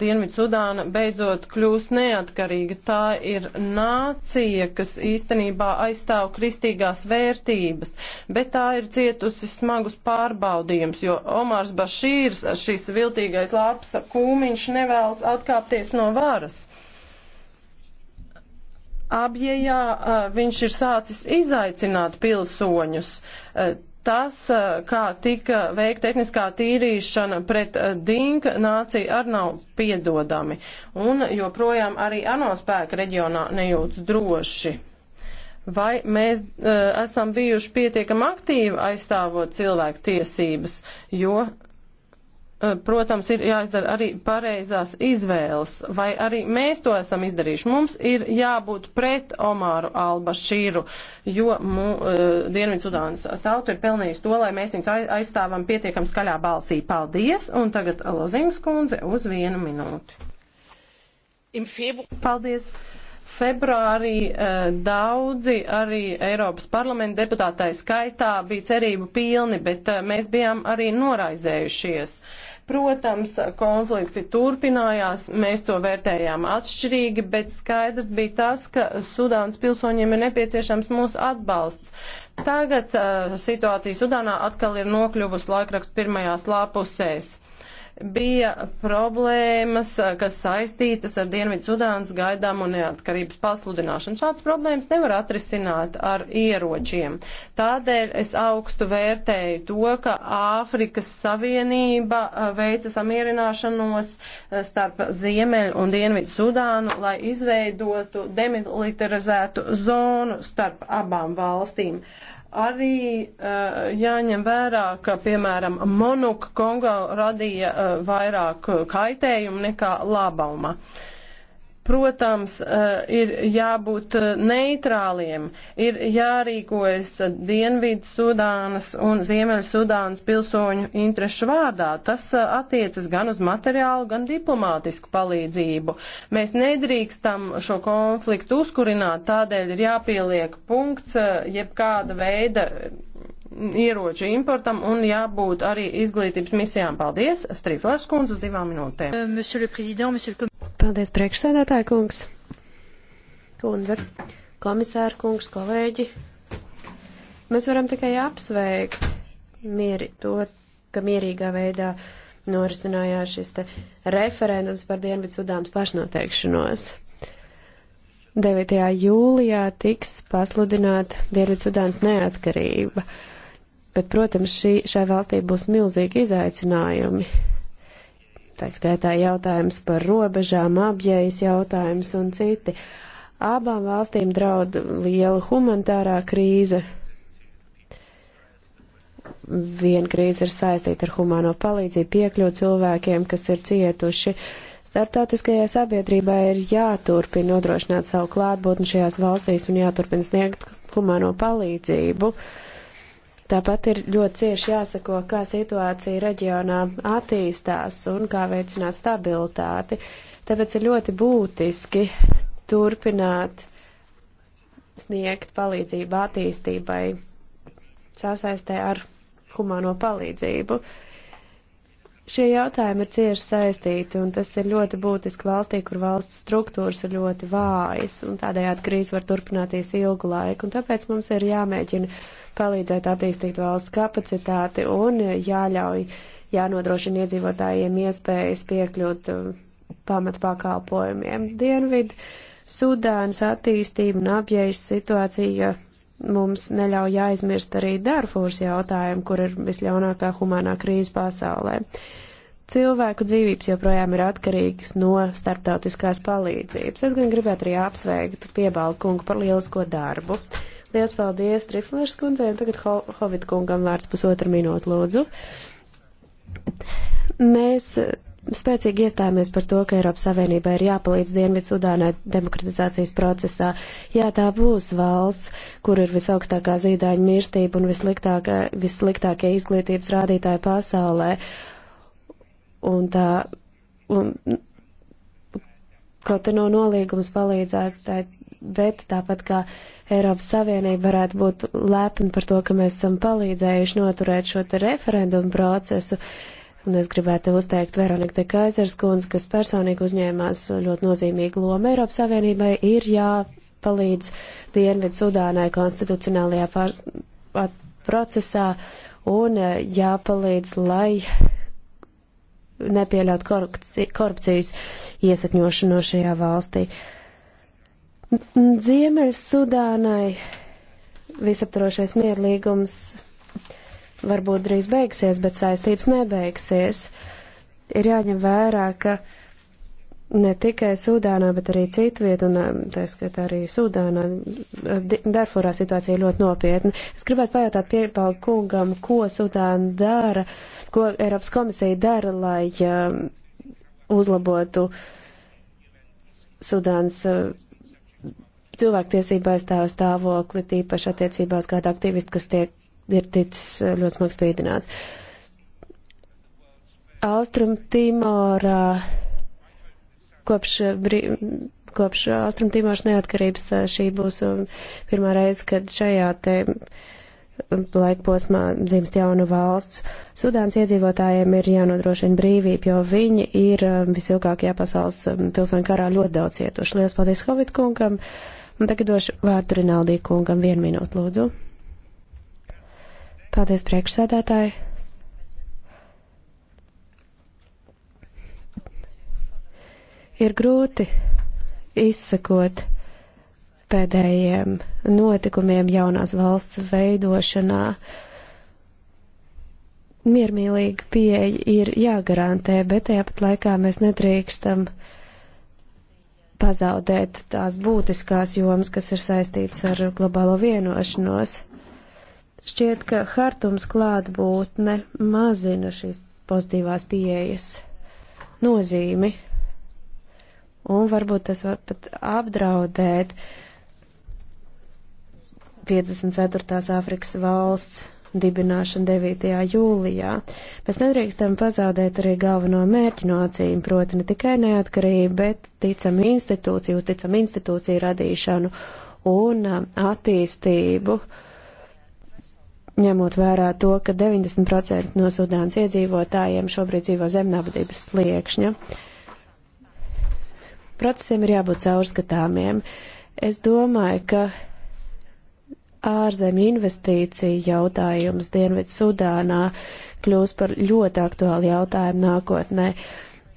Dienvidu Sudāna beidzot kļūst neatkarīga. Tā ir nācija, kas īstenībā aizstāv kristīgās vērtības, bet tā ir cietusi smagus pārbaudījums, jo Omars Bašīrs, šis viltīgais lāps kūmiņš, nevēlas atkāpties no varas apjējā viņš ir sācis izaicināt pilsoņus. Tas, kā tika veikta etniskā tīrīšana pret Dinka nāciju, arī nav piedodami. Un joprojām arī ANO spēka reģionā nejūtas droši. Vai mēs uh, esam bijuši pietiekami aktīvi aizstāvot cilvēku tiesības, jo Eh, protams, ir jāizdara arī pareizās izvēles, vai arī mēs to esam izdarījuši. Mums ir jābūt pret Omāru Albašīru, jo mu, uh, eh, Dienvidzudānas tauta ir pelnījusi to, lai mēs viņus aizstāvam pietiekam skaļā balsī. Paldies, un tagad Lozings kundze uz vienu minūti. Paldies! februārī eh, daudzi arī Eiropas parlamenta deputātai skaitā bija cerību pilni, bet mēs bijām arī noraizējušies. Uh, Protams, konflikti turpinājās, mēs to vērtējām atšķirīgi, bet skaidrs bija tas, ka Sudānas pilsoņiem ir nepieciešams mūsu atbalsts. Tagad uh, situācija Sudānā atkal ir nokļuvusi laikraksts pirmajās lāpusēs bija problēmas, kas saistītas ar Dienvidu Sudānas gaidāmo neatkarības pasludināšanu. Šāds problēmas nevar atrisināt ar ieročiem. Tādēļ es augstu vērtēju to, ka Āfrikas Savienība veica samierināšanos starp Ziemeļu un Dienvidu Sudānu, lai izveidotu demilitarizētu zonu starp abām valstīm. Uh, arī uh, jāņem vērā, ka, piemēram, Monuk Kongo radīja uh, vairāk kaitējumu nekā labuma. Uh, Protams, eh, ir jābūt eh, neitrāliem, ir jārīkojas Dienvidu Sudānas un Ziemeļu Sudānas pilsoņu interešu vārdā. Tas eh, attiecas gan uz materiālu, gan diplomātisku palīdzību. Mēs nedrīkstam šo konfliktu uzkurināt, tādēļ ir jāpieliek punkts jebkāda veida ieroču importam un jābūt arī izglītības misijām. Paldies, Strīflērs kundze, uz divām minūtēm. Euh, Paldies, priekšsēdētāja kungs, kundze, komisāra kungs, kolēģi. Mēs varam tikai apsveikt mieri to, ka mierīgā veidā norisinājās šis te referendums par Dienvidsudānas pašnoteikšanos. 9. jūlijā tiks pasludināta Dienvidsudānas neatkarība. Uh, Bet, protams, šī, šai valstī būs milzīgi izaicinājumi. Tā skaitā jautājums par robežām, apģējas jautājums un citi. Abām valstīm draud liela humanitārā krīze. Viena krīze ir saistīta ar humāno palīdzību piekļūt cilvēkiem, kas ir cietuši. Startautiskajai sabiedrībai ir jāturpina nodrošināt savu klātbūtni šajās valstīs un jāturpina sniegt humāno palīdzību. Uh, Tāpat ir ļoti cieši jāsako, kā situācija reģionā attīstās un kā veicināt stabilitāti. Tāpēc ir ļoti būtiski turpināt sniegt palīdzību attīstībai sasaistē ar humāno palīdzību. Šie jautājumi ir cieši saistīti, un tas ir ļoti būtiski valstī, kur valsts struktūras ir ļoti vājas, un tādējādi krīze var turpināties ilgu laiku, un tāpēc mums ir jāmēģina palīdzēt attīstīt valsts kapacitāti un jāļauj, jānodrošina iedzīvotājiem iespējas piekļūt um, pamatpakalpojumiem. Dienvidu Sudānas attīstība un apjējas situācija mums neļauj aizmirst arī Darfūras jautājumu, kur ir visļaunākā humānā krīze pasaulē. Cilvēku dzīvības joprojām ir atkarīgas no starptautiskās palīdzības. Es gan gribētu arī apsveikt piebalkungu par lielisko darbu. Uh, Lielas paldies Triflers kundzei, un tagad Ho Hovid kungam vārds pusotru minūtu lūdzu. Mēs eh, spēcīgi iestājāmies par to, ka Eiropas Savienībai ir jāpalīdz Dienvidsudānai demokratizācijas procesā. Jā, tā būs valsts, kur ir visaugstākā zīdaiņa mirstība un vissliktākie izglītības rādītāji pasaulē. Un tā, un, kaut te no nolīgums palīdzētu, tā, bet tāpat kā Eiropas Savienība varētu būt lepna par to, ka mēs esam palīdzējuši noturēt šo te referendumu procesu. Un es gribētu uzteikt Veronika de Kaisers kundze, kas personīgi uzņēmās ļoti nozīmīgu lomu Eiropas Savienībai, ir jāpalīdz Dienvidu Sudānai konstitucionālajā pār, at, procesā un eh, jāpalīdz, lai nepieļaut korupcijas iesakņošanu no šajā valstī. Uh, Ziemeļ Sudānai visaptarošais mierlīgums varbūt drīz beigsies, bet saistības nebeigsies. Ir jāņem vērā, ka ne tikai Sudānā, bet arī citviet, un um, tā skatā arī Sudānā, um, Darfurā situācija ļoti nopietna. Es gribētu pajautāt piepalgu kungam, ko Sudāna dara, ko Eiropas komisija dara, lai uh, uzlabotu Sudānas. Uh, cilvēktiesība aizstāv stāvokli, tīpaši attiecībā uz kādu aktīvistu, kas tiek ir ticis eh, ļoti smags spīdināts. Austrum Timorā kopš, kopš Austrum Timors neatkarības eh, šī būs um, pirmā reize, kad šajā te um, laikposmā dzimst jauna valsts. Sudāns iedzīvotājiem ir jānodrošina brīvība, jo viņi ir um, visilgākajā pasaules pilsoņu karā ļoti daudz cietuši. Lielas paldies Hovitkungam! kungam! Un tagad došu vārdu Rinaldī kungam vienu minūtu, lūdzu. Paldies, priekšsēdētāji. Ir grūti izsakot pēdējiem notikumiem jaunās valsts veidošanā. Miermīlīga pieeja ir jāgarantē, bet tajāpat laikā mēs nedrīkstam uh, pazaudēt tās būtiskās jomas, kas ir saistītas ar globālo vienošanos. Šķiet, ka Hartums klātbūtne mazina šīs pozitīvās pieejas nozīmi, un varbūt tas var pat apdraudēt 54. Āfrikas valsts dibināšanu 9. jūlijā. Mēs nedrīkstam pazaudēt arī galveno mērķi no acīm, proti ne tikai neatkarību, bet ticam institūciju, ticam institūciju radīšanu un attīstību, ņemot vērā to, ka 90% no Sudānas iedzīvotājiem šobrīd dzīvo zem nabadības sliekšņa. Procesiem ir jābūt caurskatāmiem. Es domāju, ka ārzemju investīciju jautājums Dienvidu Sudānā kļūs par ļoti aktuālu jautājumu nākotnē.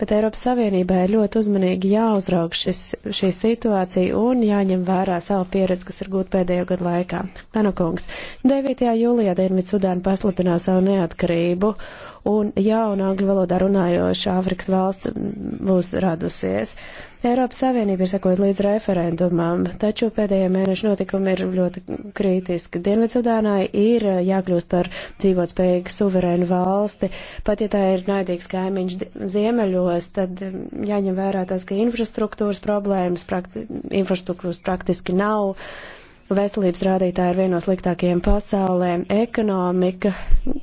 Bet Eiropas Savienībai ir ļoti uzmanīgi jāuzraug šis, šī situācija un jāņem vērā savu pieredzi, kas ir gūta pēdējo gadu laikā. Tanukungs, 9. jūlijā Dienvidu Sudāna pasludinā savu neatkarību un jauna angļu valodā runājoša Āfrikas valsts būs radusies. Eiropas Savienība ir sekojusi līdz referendumam, taču pēdējie mēneši notikumi ir ļoti kritiski. Dienvidsudānai ir jākļūst par dzīvotspējīgu suverēnu valsti, pat ja tā ir naidīgs kaimiņš ziemeļos, tad jāņem vērā tas, ka infrastruktūras problēmas, prakti infrastruktūras praktiski nav. Uh, Veselības rādītāji ir vienos sliktākajiem pasaulē. Ekonomika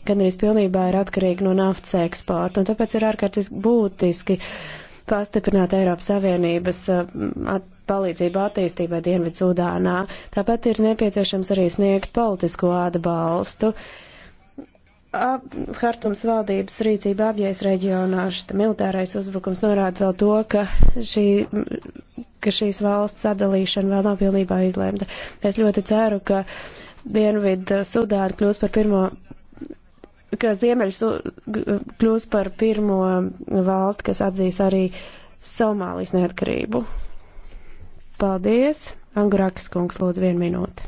gan arī pilnībā ir atkarīga no naftas eksporta, un tāpēc ir ārkārtīgi būtiski pastiprināt Eiropas Savienības mm, at palīdzību attīstībai Dienvidzudānā. Tāpat ir nepieciešams arī sniegt politisko atbalstu. Uh, Hartums valdības rīcība apjais reģionā, šita militārais uzbrukums norāda vēl to, ka, šī, ka šīs valsts sadalīšana vēl nav pilnībā izlēmta. Es ļoti ceru, ka Dienvidu Sudāna kļūs par pirmo ka Ziemeļs kļūs par pirmo valsti, kas atzīs arī Somālijas neatkarību. Paldies! Angurakas kungs lūdzu vienu minūti.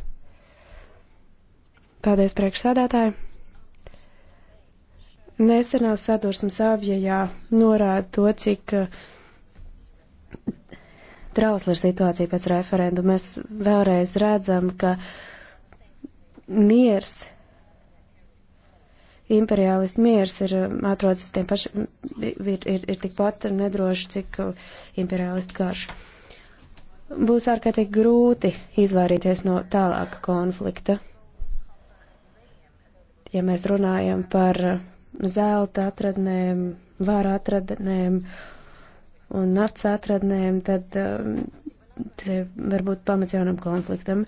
Paldies priekšsēdētāji! Nesenā sadursmes apjajā norāda to, cik eh, trausla ir situācija pēc referendu. Mēs vēlreiz redzam, ka miers, imperialistu miers ir eh, atrodas tiem pašiem, ir, ir, ir tikpat nedroši, cik eh, imperialistu karš. Būs ārkārtīgi grūti izvairīties no tālāka konflikta. Ja mēs runājam par uh, zelta atradnēm, vāra atradnēm un nafts atradnēm, tad um, tie var būt pamats jaunam konfliktam.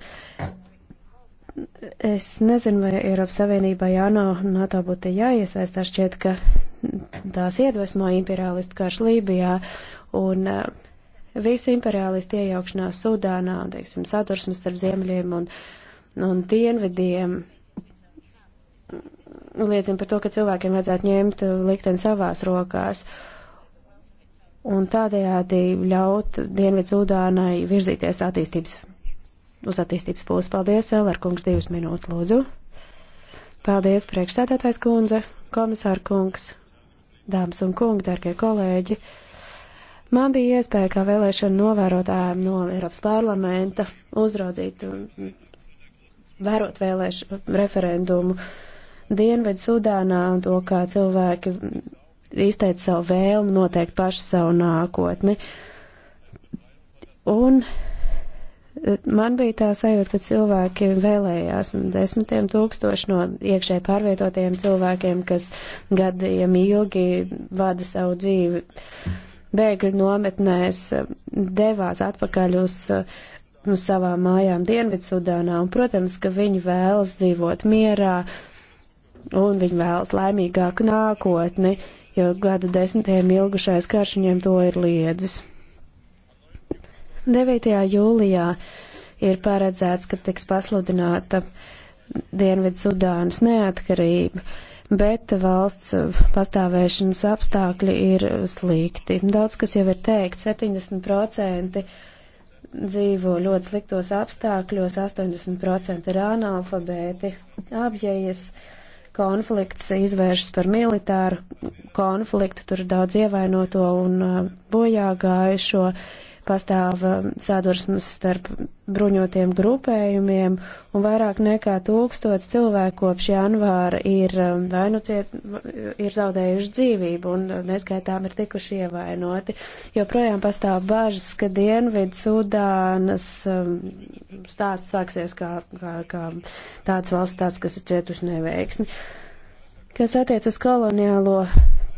Es nezinu, vai Eiropas Savienībā jāno NATO būtu jāiesaistās, šķiet, ka tās iedvesmo imperialistu karš Lībijā un uh, visi imperialisti iejaukšanās Sudānā, teiksim, sadursmes starp ziemeļiem un, un dienvidiem liecina par to, ka cilvēkiem vajadzētu ņemt uh, likteni savās rokās un tādējādi ļaut Dienvidu Sudānai virzīties attīstības, uz attīstības pusi. Paldies, Elere kungs, divas minūtes lūdzu. Paldies, priekšsēdētājs kundze, komisāra kungs, dāmas un kungi, darbie kolēģi. Man bija iespēja kā vēlēšana novērotājiem no Eiropas parlamenta uzraudzīt un vērot vēlēšanu referendumu Dienvidu Sudānā un to, kā cilvēki izteica savu vēlmu noteikt pašu savu nākotni. Un e, man bija tā sajūta, ka cilvēki vēlējās desmitiem tūkstoši no iekšē pārvietotajiem cilvēkiem, kas gadiem ilgi vada savu dzīvi bēgļu nometnēs, devās atpakaļ uz, uz savām mājām Dienvidsudānā, un, protams, ka viņi vēlas dzīvot mierā, un viņi vēlas laimīgāku nākotni, jo gadu desmitiem ilgušais karš viņiem to ir liedzis. 9. jūlijā ir paredzēts, ka tiks pasludināta Dienvidu Sudānas neatkarība, bet valsts pastāvēšanas apstākļi ir slikti. Daudz, kas jau ir teikt, 70% dzīvo ļoti sliktos apstākļos, 80% ir analfabēti, apjējas. Ja konflikts izvēršas par militāru konfliktu, tur ir daudz ievainoto un uh, bojā gājušo pastāv um, sadursmes starp bruņotiem grupējumiem, un vairāk nekā tūkstots cilvēku kopš janvāra ir um, vainociet, nu ir zaudējuši dzīvību, un uh, neskaitām ir tikuši ievainoti. Joprojām pastāv bažas, ka Dienvidu Sudānas um, stāsts sāksies kā, kā, kā tāds valsts stāsts, kas ir cietuši neveiksmi. Kas attiec uz koloniālo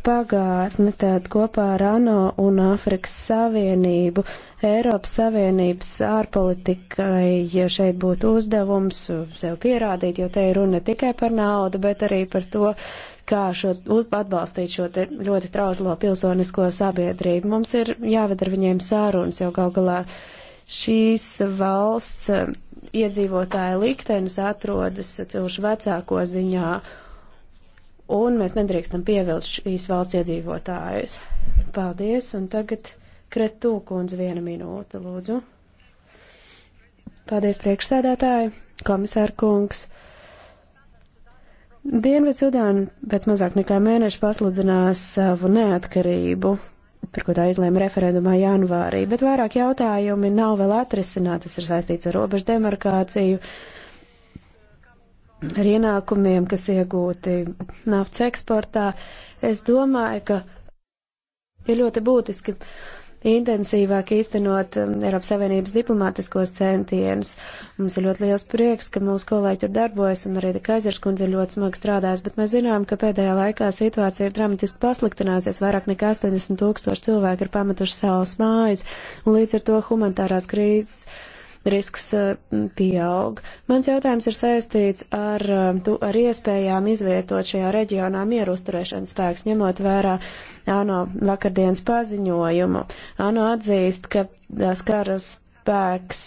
pagātni, tad kopā ar ANO un Afrikas Savienību, Eiropas Savienības ārpolitikai, ja šeit būtu uzdevums sev pierādīt, jo te ir runa ne tikai par naudu, bet arī par to, kā šo, atbalstīt šo ļoti trauslo pilsonisko sabiedrību. Mums ir jāved ar viņiem sārunas, jo gal galā šīs valsts iedzīvotāja liktenis atrodas cilšu vecāko ziņā un mēs nedrīkstam pievilkt šīs valsts iedzīvotājus. Paldies, un tagad Kretu kundze viena minūte, lūdzu. Paldies, priekšsēdētāji, komisāra kungs. Dienvidsudāna pēc mazāk nekā mēneša pasludinās savu neatkarību, par ko tā izlēma referendumā janvārī, bet vairāk jautājumi nav vēl atrisināti, tas ir saistīts ar robežu demarkāciju, uh, ar ienākumiem, kas iegūti naftas eksportā. Es domāju, ka ir ļoti būtiski intensīvāk īstenot um, Eiropas Savienības diplomātiskos centienus. Mums ir ļoti liels prieks, ka mūsu kolēģi tur darbojas, un arī Kaisers kundze ir ļoti smagi strādājis, bet mēs zinām, ka pēdējā laikā situācija ir dramatiski pasliktinājusies, vairāk nekā 80 tūkstoši cilvēku ir pametuši savus mājas, un līdz ar to humanitārās krīzes risks eh, pieaug. Mans jautājums ir saistīts ar, eh, ar iespējām izvietot šajā reģionā mieru uzturēšanas spēks, ņemot vērā ANO vakardienas paziņojumu. ANO atzīst, ka tās eh, karas spēks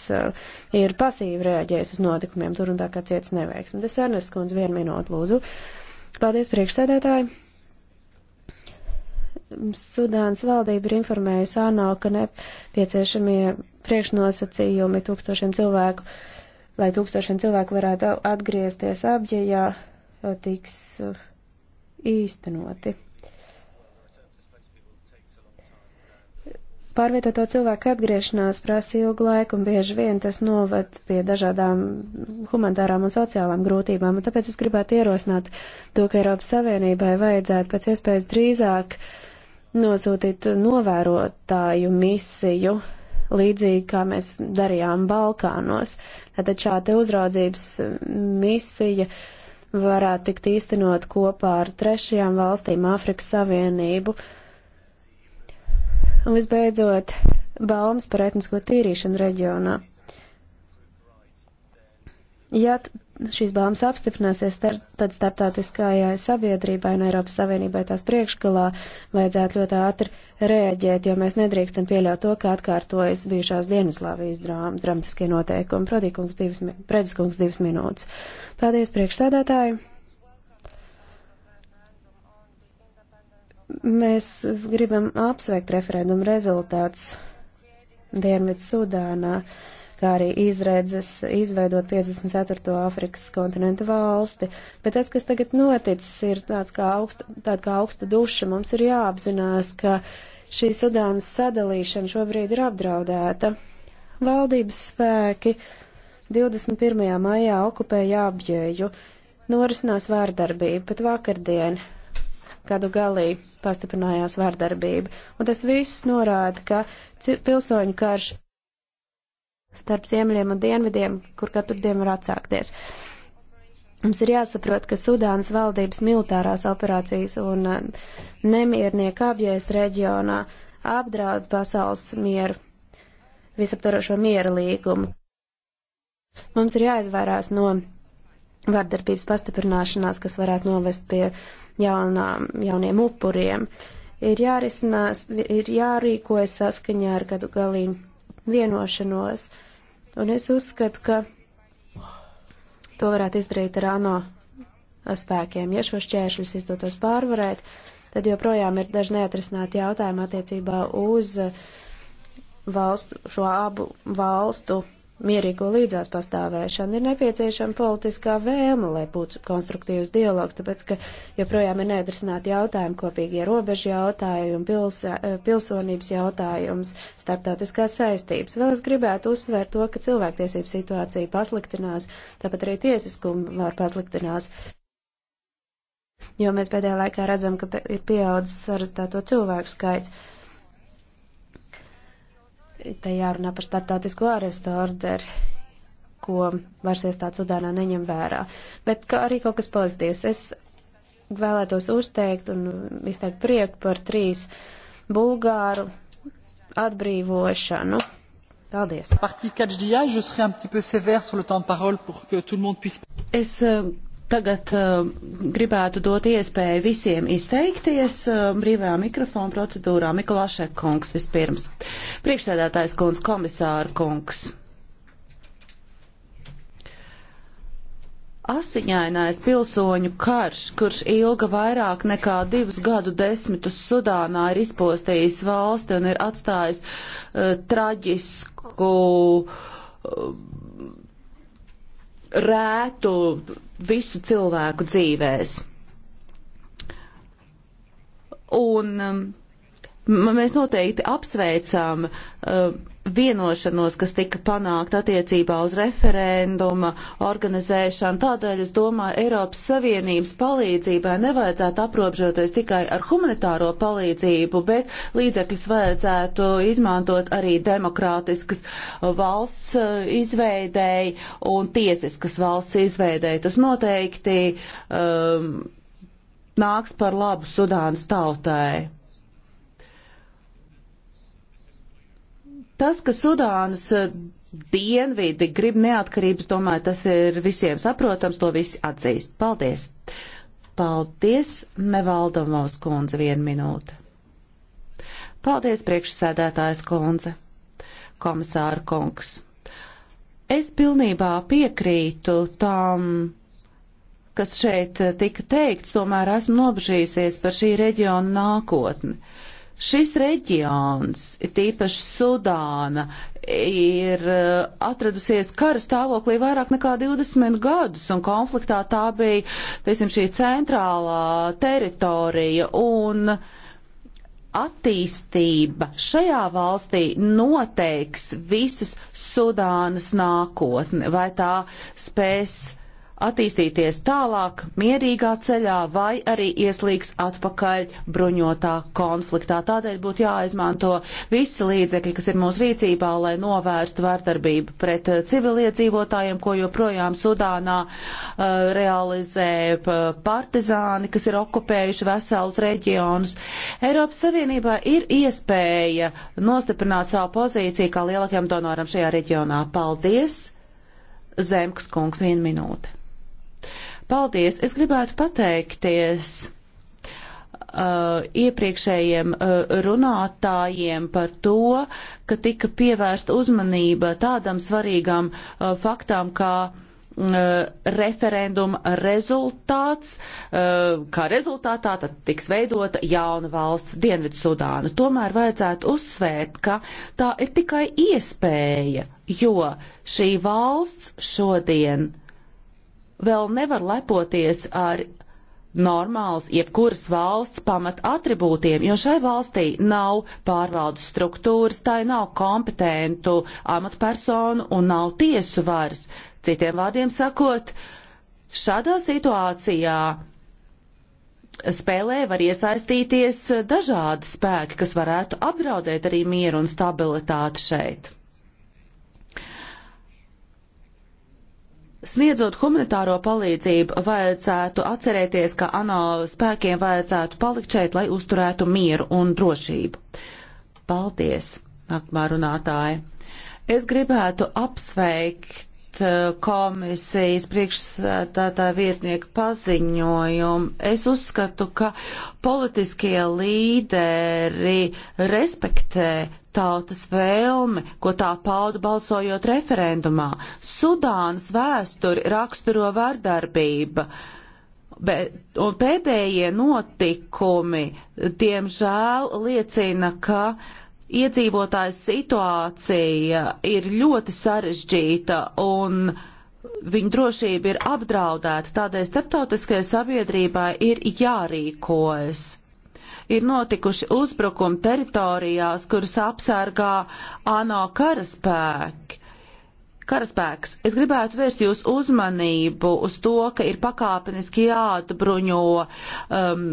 ir pasīvi reaģējis uz notikumiem, tur un tā kā ciets neveiks. Un tas Ernests kundze vienu minūtu lūdzu. Paldies priekšsēdētāji! Sudānas valdība ir informējusi ANO, ka nepieciešamie priekšnosacījumi tūkstošiem cilvēku, lai tūkstošiem cilvēku varētu atgriezties apģējā, uh, tiks uh, īstenoti. Pārvietoto cilvēku atgriešanās prasa ilgu laiku, un bieži vien tas novad pie dažādām humanitārām un sociālām grūtībām. Un tāpēc es gribētu ierosināt to, ka Eiropas Savienībai vajadzētu pēc iespējas drīzāk uh, nosūtīt novērotāju misiju, līdzīgi kā mēs darījām Balkānos. Tātad šāda uzraudzības misija varētu tikt īstenot kopā ar trešajām valstīm Āfrikas Savienību. Un visbeidzot, baumas par etnisko tīrīšanu reģionā. Ja šīs bāmas apstiprināsies, tad starptautiskajai sabiedrībai un Eiropas Savienībai tās priekšgalā vajadzētu ļoti ātri rēģēt, jo mēs nedrīkstam pieļaut to, ka atkārtojas bijušās Dienaslāvijas drām, dramatiskie noteikumi. Prodīkungs divas, predskungs divas minūtes. Paldies, priekšsēdētāji! Mēs gribam apsveikt referendumu rezultātus Dienvidu Sudānā. Uh, kā arī izredzes izveidot 54. Afrikas kontinentu valsti. Bet tas, kas tagad noticis, ir tāds kā augsta, tāda kā augsta duša. Mums ir jāapzinās, ka šī Sudānas sadalīšana šobrīd ir apdraudēta. Valdības spēki 21. maijā okupēja apģēju, norisinās vērdarbība pat vakardien, gadu galī pastiprinājās vārdarbība. Un tas viss norāda, ka pilsoņu karš starp ziemeļiem un dienvidiem, kur katru dienu var atsākties. Mums ir jāsaprot, ka Sudānas valdības militārās operācijas un uh, nemiernieku apjēs reģionā apdraud pasaules mieru, visaptvarošo miera līgumu. Mums ir jāizvairās no vardarbības pastiprināšanās, kas varētu novest pie jaunām, jauniem upuriem. Ir jārisinās, ir jārīkojas saskaņā ar gadu galīm vienošanos, un es uzskatu, ka to varētu izdarīt ar ANO spēkiem. Ja šos šķēršļus izdotos pārvarēt, tad joprojām ir daži neatrisināti jautājumi attiecībā uz valstu, šo abu valstu mierīgo līdzās pastāvēšanu. Ir nepieciešama politiskā vēma, lai būtu konstruktīvs dialogs, tāpēc, ka joprojām ir neatrisināti jautājumi, kopīgie robežu jautājumi, pils, eh, pilsonības jautājums, starptautiskās saistības. Vēl es gribētu uzsvērt to, ka cilvēktiesību situācija pasliktinās, tāpat arī tiesiskumi var pasliktinās. Jo mēs pēdējā laikā redzam, ka ir pieaudzis arestēto cilvēku skaits. Te jārunā par startautisko arestu orderi, ko vairs iestādes Sudānā neņem vērā. Bet kā arī kaut kas pozitīvs. Es vēlētos uzteikt un izteikt prieku par trīs bulgāru atbrīvošanu. Paldies. Es eh, Tagad uh, gribētu dot iespēju visiem izteikties uh, brīvajā mikrofona procedūrā. Mikulāšek kungs vispirms. Priekšsēdētājs kungs, komisāra kungs. Asiņainais pilsoņu karš, kurš ilga vairāk nekā divus gadu desmitus Sudānā, ir izpostījis valsti un ir atstājis uh, traģisku uh, rētu visu cilvēku dzīvēs. Un um, mēs noteikti apsveicam uh, vienošanos, kas tika panākt attiecībā uz referenduma organizēšanu. Tādēļ es domāju, Eiropas Savienības palīdzībai nevajadzētu aprobežoties tikai ar humanitāro palīdzību, bet līdzekļus vajadzētu izmantot arī demokrātiskas valsts uh, izveidēji un tiesiskas valsts izveidēji. Tas noteikti um, nāks par labu Sudānas tautai. Tas, ka Sudānas eh, dienvidi grib neatkarības, domāju, tas ir visiem saprotams, to visi atzīst. Paldies! Paldies, Nevaldomovs kundze, viena minūte. Paldies, priekšsēdētājs kundze, komisāra kungs. Es pilnībā piekrītu tam, kas šeit eh, tika teikts, tomēr esmu nobežījusies par šī reģiona nākotni. Uh, Šis reģions, tīpaši Sudāna, ir e, atradusies kara stāvoklī vairāk nekā 20 gadus, un konfliktā tā bija, teiksim, šī centrālā teritorija, un attīstība šajā valstī noteiks visas Sudānas nākotni, vai tā spēs attīstīties tālāk mierīgā ceļā vai arī ieslīgs atpakaļ bruņotā konfliktā. Tādēļ būtu jāizmanto visi līdzekļi, kas ir mūsu rīcībā, lai novērstu vārdarbību pret eh, civiliedzīvotājiem, ko joprojām Sudānā uh, realizē eh, partizāni, kas ir okupējuši veselus reģionus. Eiropas Savienībā ir iespēja nostiprināt savu pozīciju kā lielākajam donoram šajā reģionā. Paldies! Zemkas kungs, viena minūte. Paldies! Es gribētu pateikties uh, iepriekšējiem uh, runātājiem par to, ka tika pievērsta uzmanība tādam svarīgam uh, faktām, kā uh, referenduma rezultāts, uh, kā rezultātā tad tiks veidota jauna valsts Dienvidu Sudāna. Tomēr vajadzētu uzsvērt, ka tā ir tikai iespēja, jo šī valsts šodien vēl nevar lepoties ar normāls jebkuras valsts pamat atribūtiem, jo šai valstī nav pārvaldes struktūras, tai nav kompetentu amatpersonu un nav tiesu varas. Citiem vārdiem sakot, šādā situācijā spēlē var iesaistīties dažādi spēki, kas varētu apdraudēt arī mieru un stabilitāti šeit. Sniedzot humanitāro palīdzību, vajadzētu atcerēties, ka ANO spēkiem vajadzētu palikt šeit, lai uzturētu mieru un drošību. Paldies, nākamā runātāja. Es gribētu apsveikt uh, komisijas priekšsētātāja vietnieku paziņojumu. Es uzskatu, ka politiskie līderi respektē tautas vēlme, ko tā pauda balsojot referendumā. Sudānas vēsturi raksturo vardarbība. Bet, un pēdējie notikumi, diemžēl, liecina, ka iedzīvotājs situācija ir ļoti sarežģīta un viņa drošība ir apdraudēta. Tādēļ starptautiskajai sabiedrībai ir jārīkojas ir notikuši uzbrukumi teritorijās, kuras apsargā ANO karaspēki. Karaspēks, es gribētu vērst jūs uzmanību uz to, ka ir pakāpeniski jāatbruņo um,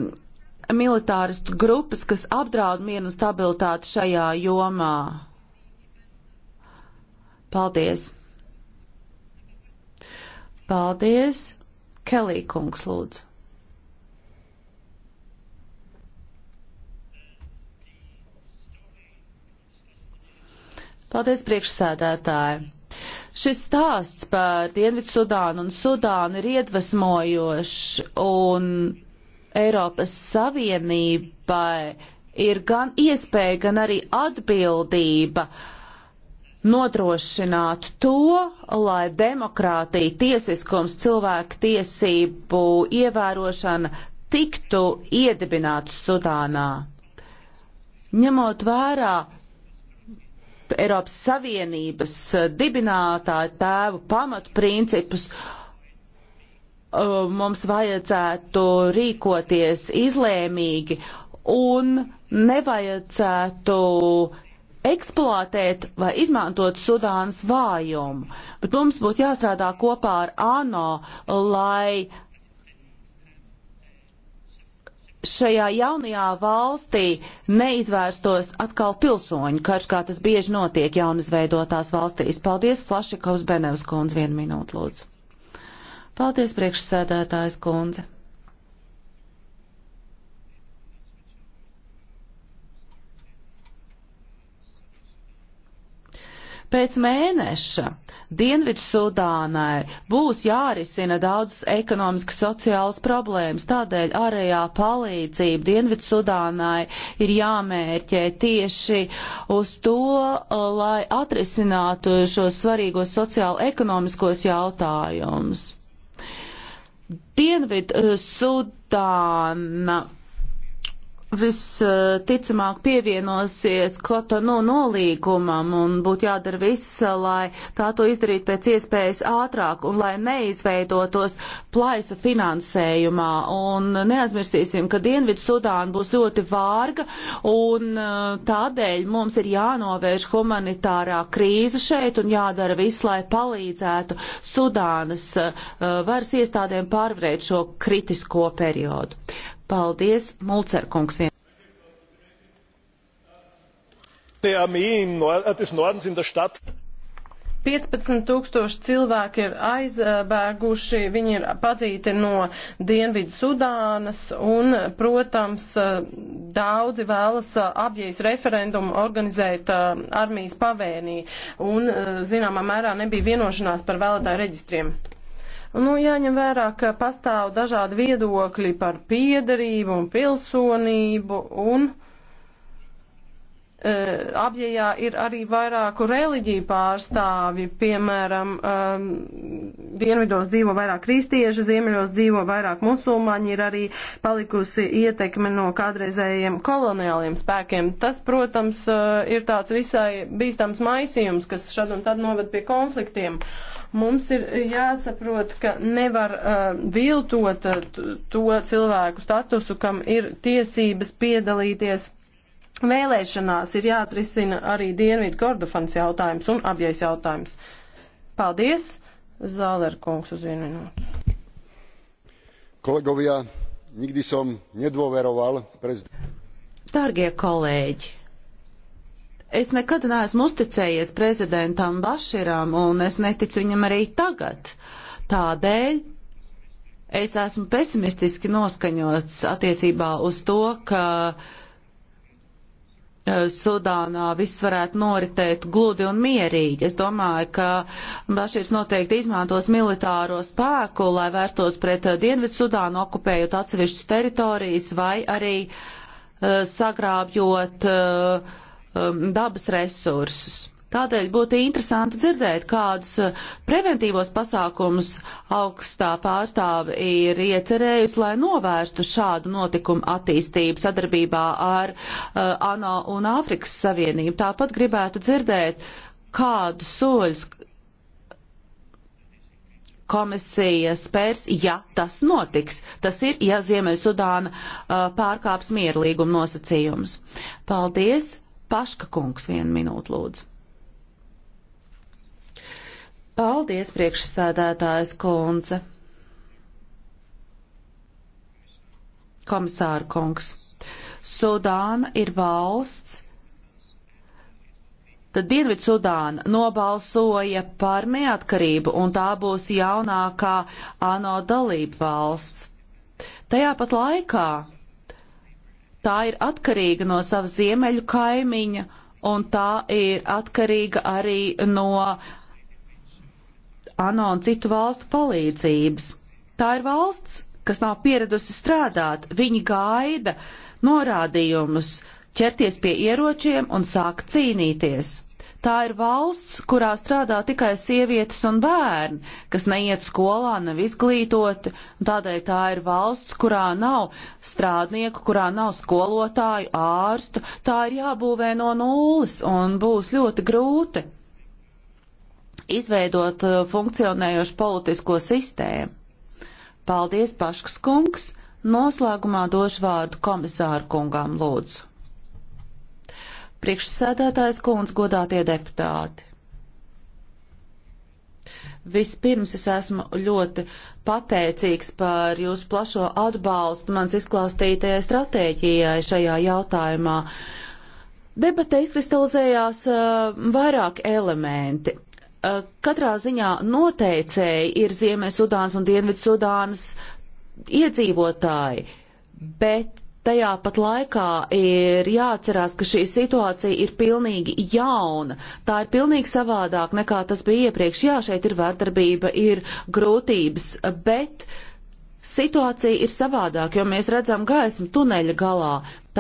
militāristu grupas, kas apdraud mienu un stabilitāti šajā jomā. Paldies! Paldies! Kelī kungs lūdzu. Paldies, priekšsēdētāji! Šis stāsts par Dienvidu Sudānu un Sudānu ir iedvesmojošs, un Eiropas Savienībai ir gan iespēja, gan arī atbildība nodrošināt to, lai demokrātija, tiesiskums, cilvēku tiesību ievērošana tiktu iedibināts Sudānā. Ņemot vērā Eiropas Savienības eh, dibinātāju tēvu pamatprincipus, eh, mums vajadzētu rīkoties izlēmīgi un nevajadzētu eksploatēt vai izmantot Sudānas vājumu, bet mums būtu jāstrādā kopā ar ANO, lai šajā jaunajā valstī neizvērstos atkal pilsoņu karš, kā tas bieži notiek jaunizveidotās valstīs. Paldies, Flašikovs Benevs kundze, vienu minūtu lūdzu. Paldies, priekšsēdētājs kundze. Pēc mēneša Dienvidu Sudānai būs jārisina daudzas ekonomiskas sociālas problēmas, tādēļ ārējā palīdzība Dienvidu Sudānai ir jāmērķē tieši uz to, uh, lai atrisinātu šos svarīgos sociāla-ekonomiskos jautājumus. Dienvidu Sudāna visticamāk pievienosies Kotonu nolīgumam un būtu jādara viss, lai tā to izdarītu pēc iespējas ātrāk un lai neizveidotos plaisa finansējumā. Un neaizmirsīsim, ka Dienvidu Sudāna būs ļoti vārga un uh, tādēļ mums ir jānovērš humanitārā krīze šeit un jādara viss, lai palīdzētu Sudānas uh, varas iestādēm pārvarēt šo kritisko periodu. Paldies, Mulcerkungs. Die Armee äh, des Nordens in der Stadt 15,000 cilvēki ir aizbēguši, viņi ir padzīti no Dienvidu Sudānas un, protams, daudzi vēlas apjais referendumu organizēt armijas pavēnī un, zināmā mērā, nebija vienošanās par vēlētāju reģistriem. Nu, jāņem vērā, ka pastāv dažādi viedokļi par piederību un pilsonību un e, apjējā ir arī vairāku reliģiju pārstāvi, piemēram, um, dienvidos dzīvo vairāk kristieši, ziemeļos dzīvo vairāk musulmaņi, ir arī palikusi ietekme no kādreizējiem koloniāliem spēkiem. Tas, protams, e, ir tāds visai bīstams maisījums, kas šad un tad noved pie konfliktiem. Uh, Mums ir jāsaprot, ka nevar uh, viltot uh, to cilvēku statusu, kam ir tiesības piedalīties vēlēšanās. Ir jāatrisina arī Dienvidu Gordofans jautājums un abjais jautājums. Paldies, Zālerkungs, uz vienu minūtu. Kolegovijā, nikdy som nedôveroval prezidentu. Dārgie kolēģi, Es nekad neesmu uzticējies prezidentam Baširam, un es neticu viņam arī tagad. Tādēļ es esmu pesimistiski noskaņots attiecībā uz to, ka e, Sudānā viss varētu noritēt gludi un mierīgi. Es domāju, ka Bašīrs noteikti izmantos militāro spēku, lai vērstos pret e, Dienvidu Sudānu, okupējot atsevišķas teritorijas vai arī uh, sagrābjot uh, um, dabas resursus. Tādēļ būtu interesanti dzirdēt, kādus uh, preventīvos pasākumus augstā pārstāve ir iecerējusi, lai novērstu šādu notikumu attīstību sadarbībā ar uh, ANO un Āfrikas Savienību. Tāpat gribētu dzirdēt, kādus soļus komisija spērs, ja tas notiks. Tas ir, ja Ziemeļsudāna uh, pārkāps mierlīguma nosacījumus. Paldies! Paška kungs vienu minūtu lūdzu. Paldies, priekšsēdētājs kundze. Komisāra kungs. Sudāna ir valsts, tad Dienvidsudāna nobalsoja par neatkarību, un tā būs jaunākā ANO dalība valsts. Tajā pat laikā tā ir atkarīga no sava ziemeļu kaimiņa, un tā ir atkarīga arī no ANO un citu valstu palīdzības. Tā ir valsts, kas nav pieradusi strādāt. Viņi gaida norādījumus ķerties pie ieročiem un sāk cīnīties. Tā ir valsts, kurā strādā tikai sievietes un bērni, kas neiet skolā, nav izglītoti, un tādēļ tā ir valsts, kurā nav strādnieku, kurā nav skolotāju, ārstu. Tā ir jābūvē no nulles un būs ļoti grūti izveidot uh, funkcionējošu politisko sistēmu. Paldies, Paškas kungs! Noslēgumā došu vārdu komisāru kungām lūdzu. Priekšsēdētājs kundz, godātie deputāti. Vispirms es esmu ļoti pateicīgs par jūsu plašo atbalstu mans izklāstītajai stratēģijai šajā jautājumā. Debatē izkristalizējās uh, vairāk elementi. Uh, katrā ziņā noteicēji ir Ziemeļsudāns un Dienvidsudānas iedzīvotāji, bet Tajā pat laikā ir jāatcerās, ka šī situācija ir pilnīgi jauna. Tā ir pilnīgi savādāk nekā tas bija iepriekš. Jā, šeit ir vārdarbība, ir grūtības, bet situācija ir savādāk, jo mēs redzam gaismu tuneļa galā.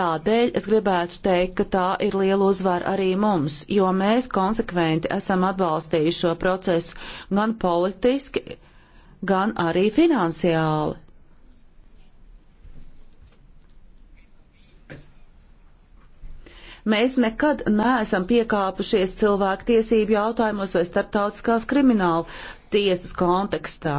Tādēļ es gribētu teikt, ka tā ir liela uzvara arī mums, jo mēs konsekventi esam atbalstījuši šo procesu gan politiski, gan arī finansiāli. Mēs nekad neesam piekāpušies cilvēku tiesību jautājumos vai starptautiskās krimināla tiesas kontekstā.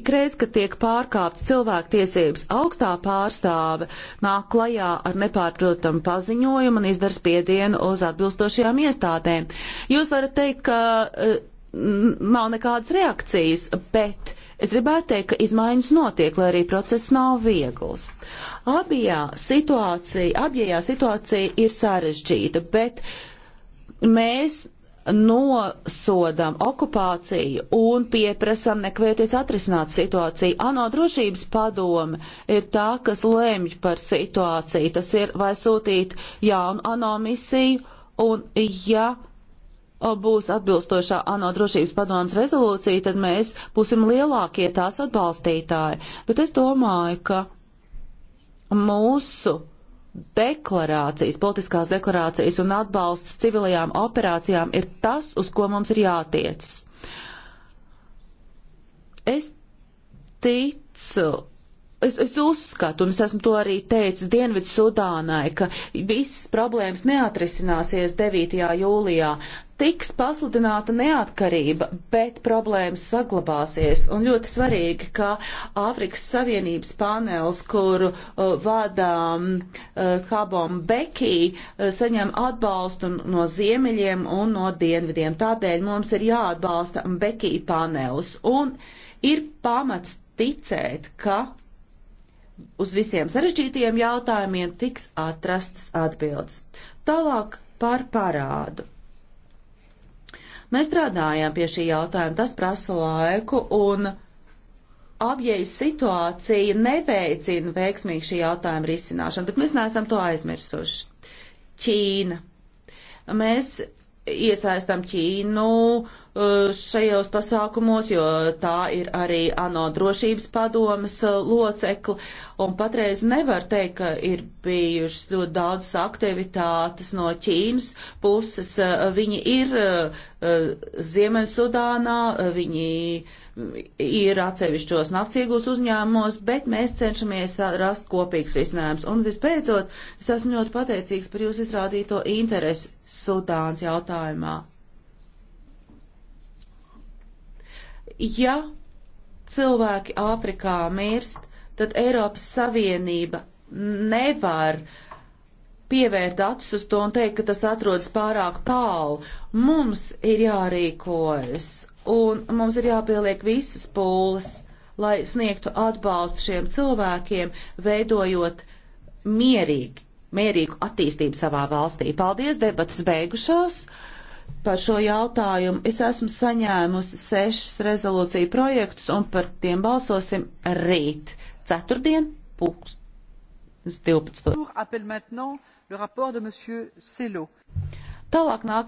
Ikreiz, kad tiek pārkāpts cilvēktiesības, augstā pārstāve nāk klajā ar nepārprotamu paziņojumu un izdara spiedienu uz atbilstošajām iestādēm. Jūs varat teikt, ka uh, nav nekādas reakcijas, bet Es gribētu teikt, ka izmaiņas notiek, lai arī process nav viegls. Abijā situācija, abijā situācija ir sarežģīta, bet mēs nosodam okupāciju un pieprasam nekvēties atrisināt situāciju. ANO drošības padome ir tā, kas lēmj par situāciju. Tas ir vai sūtīt jaunu ANO misiju un ja būs atbilstošā ANO drošības padomas rezolūcija, tad mēs būsim lielākie tās atbalstītāji. Bet es domāju, ka mūsu deklarācijas, politiskās deklarācijas un atbalsts civilajām operācijām ir tas, uz ko mums ir jātiec. Es ticu Es, es uzskatu, un es esmu to arī teicis Dienvidu Sudānai, ka visas problēmas neatrisināsies 9. jūlijā. Tiks pasludināta neatkarība, bet problēmas saglabāsies. Un ļoti svarīgi, ka Āfrikas Savienības panels, kuru uh, vadām um, uh, Habom Bekī, uh, saņem atbalstu no ziemeļiem un no dienvidiem. Tādēļ mums ir jāatbalsta Bekī panels. Un ir pamats ticēt, ka uz visiem sarežģītajiem jautājumiem tiks atrastas atbildes. Tālāk par parādu. Mēs strādājām pie šī jautājuma, tas prasa laiku, un apjējas situācija neveicina veiksmīgi šī jautājuma risināšanu, bet mēs neesam to aizmirsuši. Ķīna. Mēs iesaistam Ķīnu Eh, šajos pasākumos, jo tā ir arī ANO drošības padomas eh, locekli, un patreiz nevar teikt, ka ir bijušas ļoti daudzas aktivitātes no Ķīnas puses. Eh, viņi ir Ziemeļsudānā, viņi ir atsevišķos naftsiegūs uzņēmumos, bet mēs cenšamies rast kopīgs risinājums. Un visbeidzot, es esmu ļoti pateicīgs par jūsu izrādīto interesi Sudāns jautājumā. Ja cilvēki Āfrikā mirst, tad Eiropas Savienība nevar pievērt acis uz to un teikt, ka tas atrodas pārāk tālu. Mums ir jārīkojas un mums ir jāpieliek visas pūles, lai sniegtu atbalstu šiem cilvēkiem, veidojot mierīgi, mierīgu attīstību savā valstī. Paldies, debatas beigušās par šo jautājumu. Es esmu saņēmusi sešas rezolūciju projektus un par tiem balsosim rīt, ceturtdien, pūkst 12. Tālāk nāk.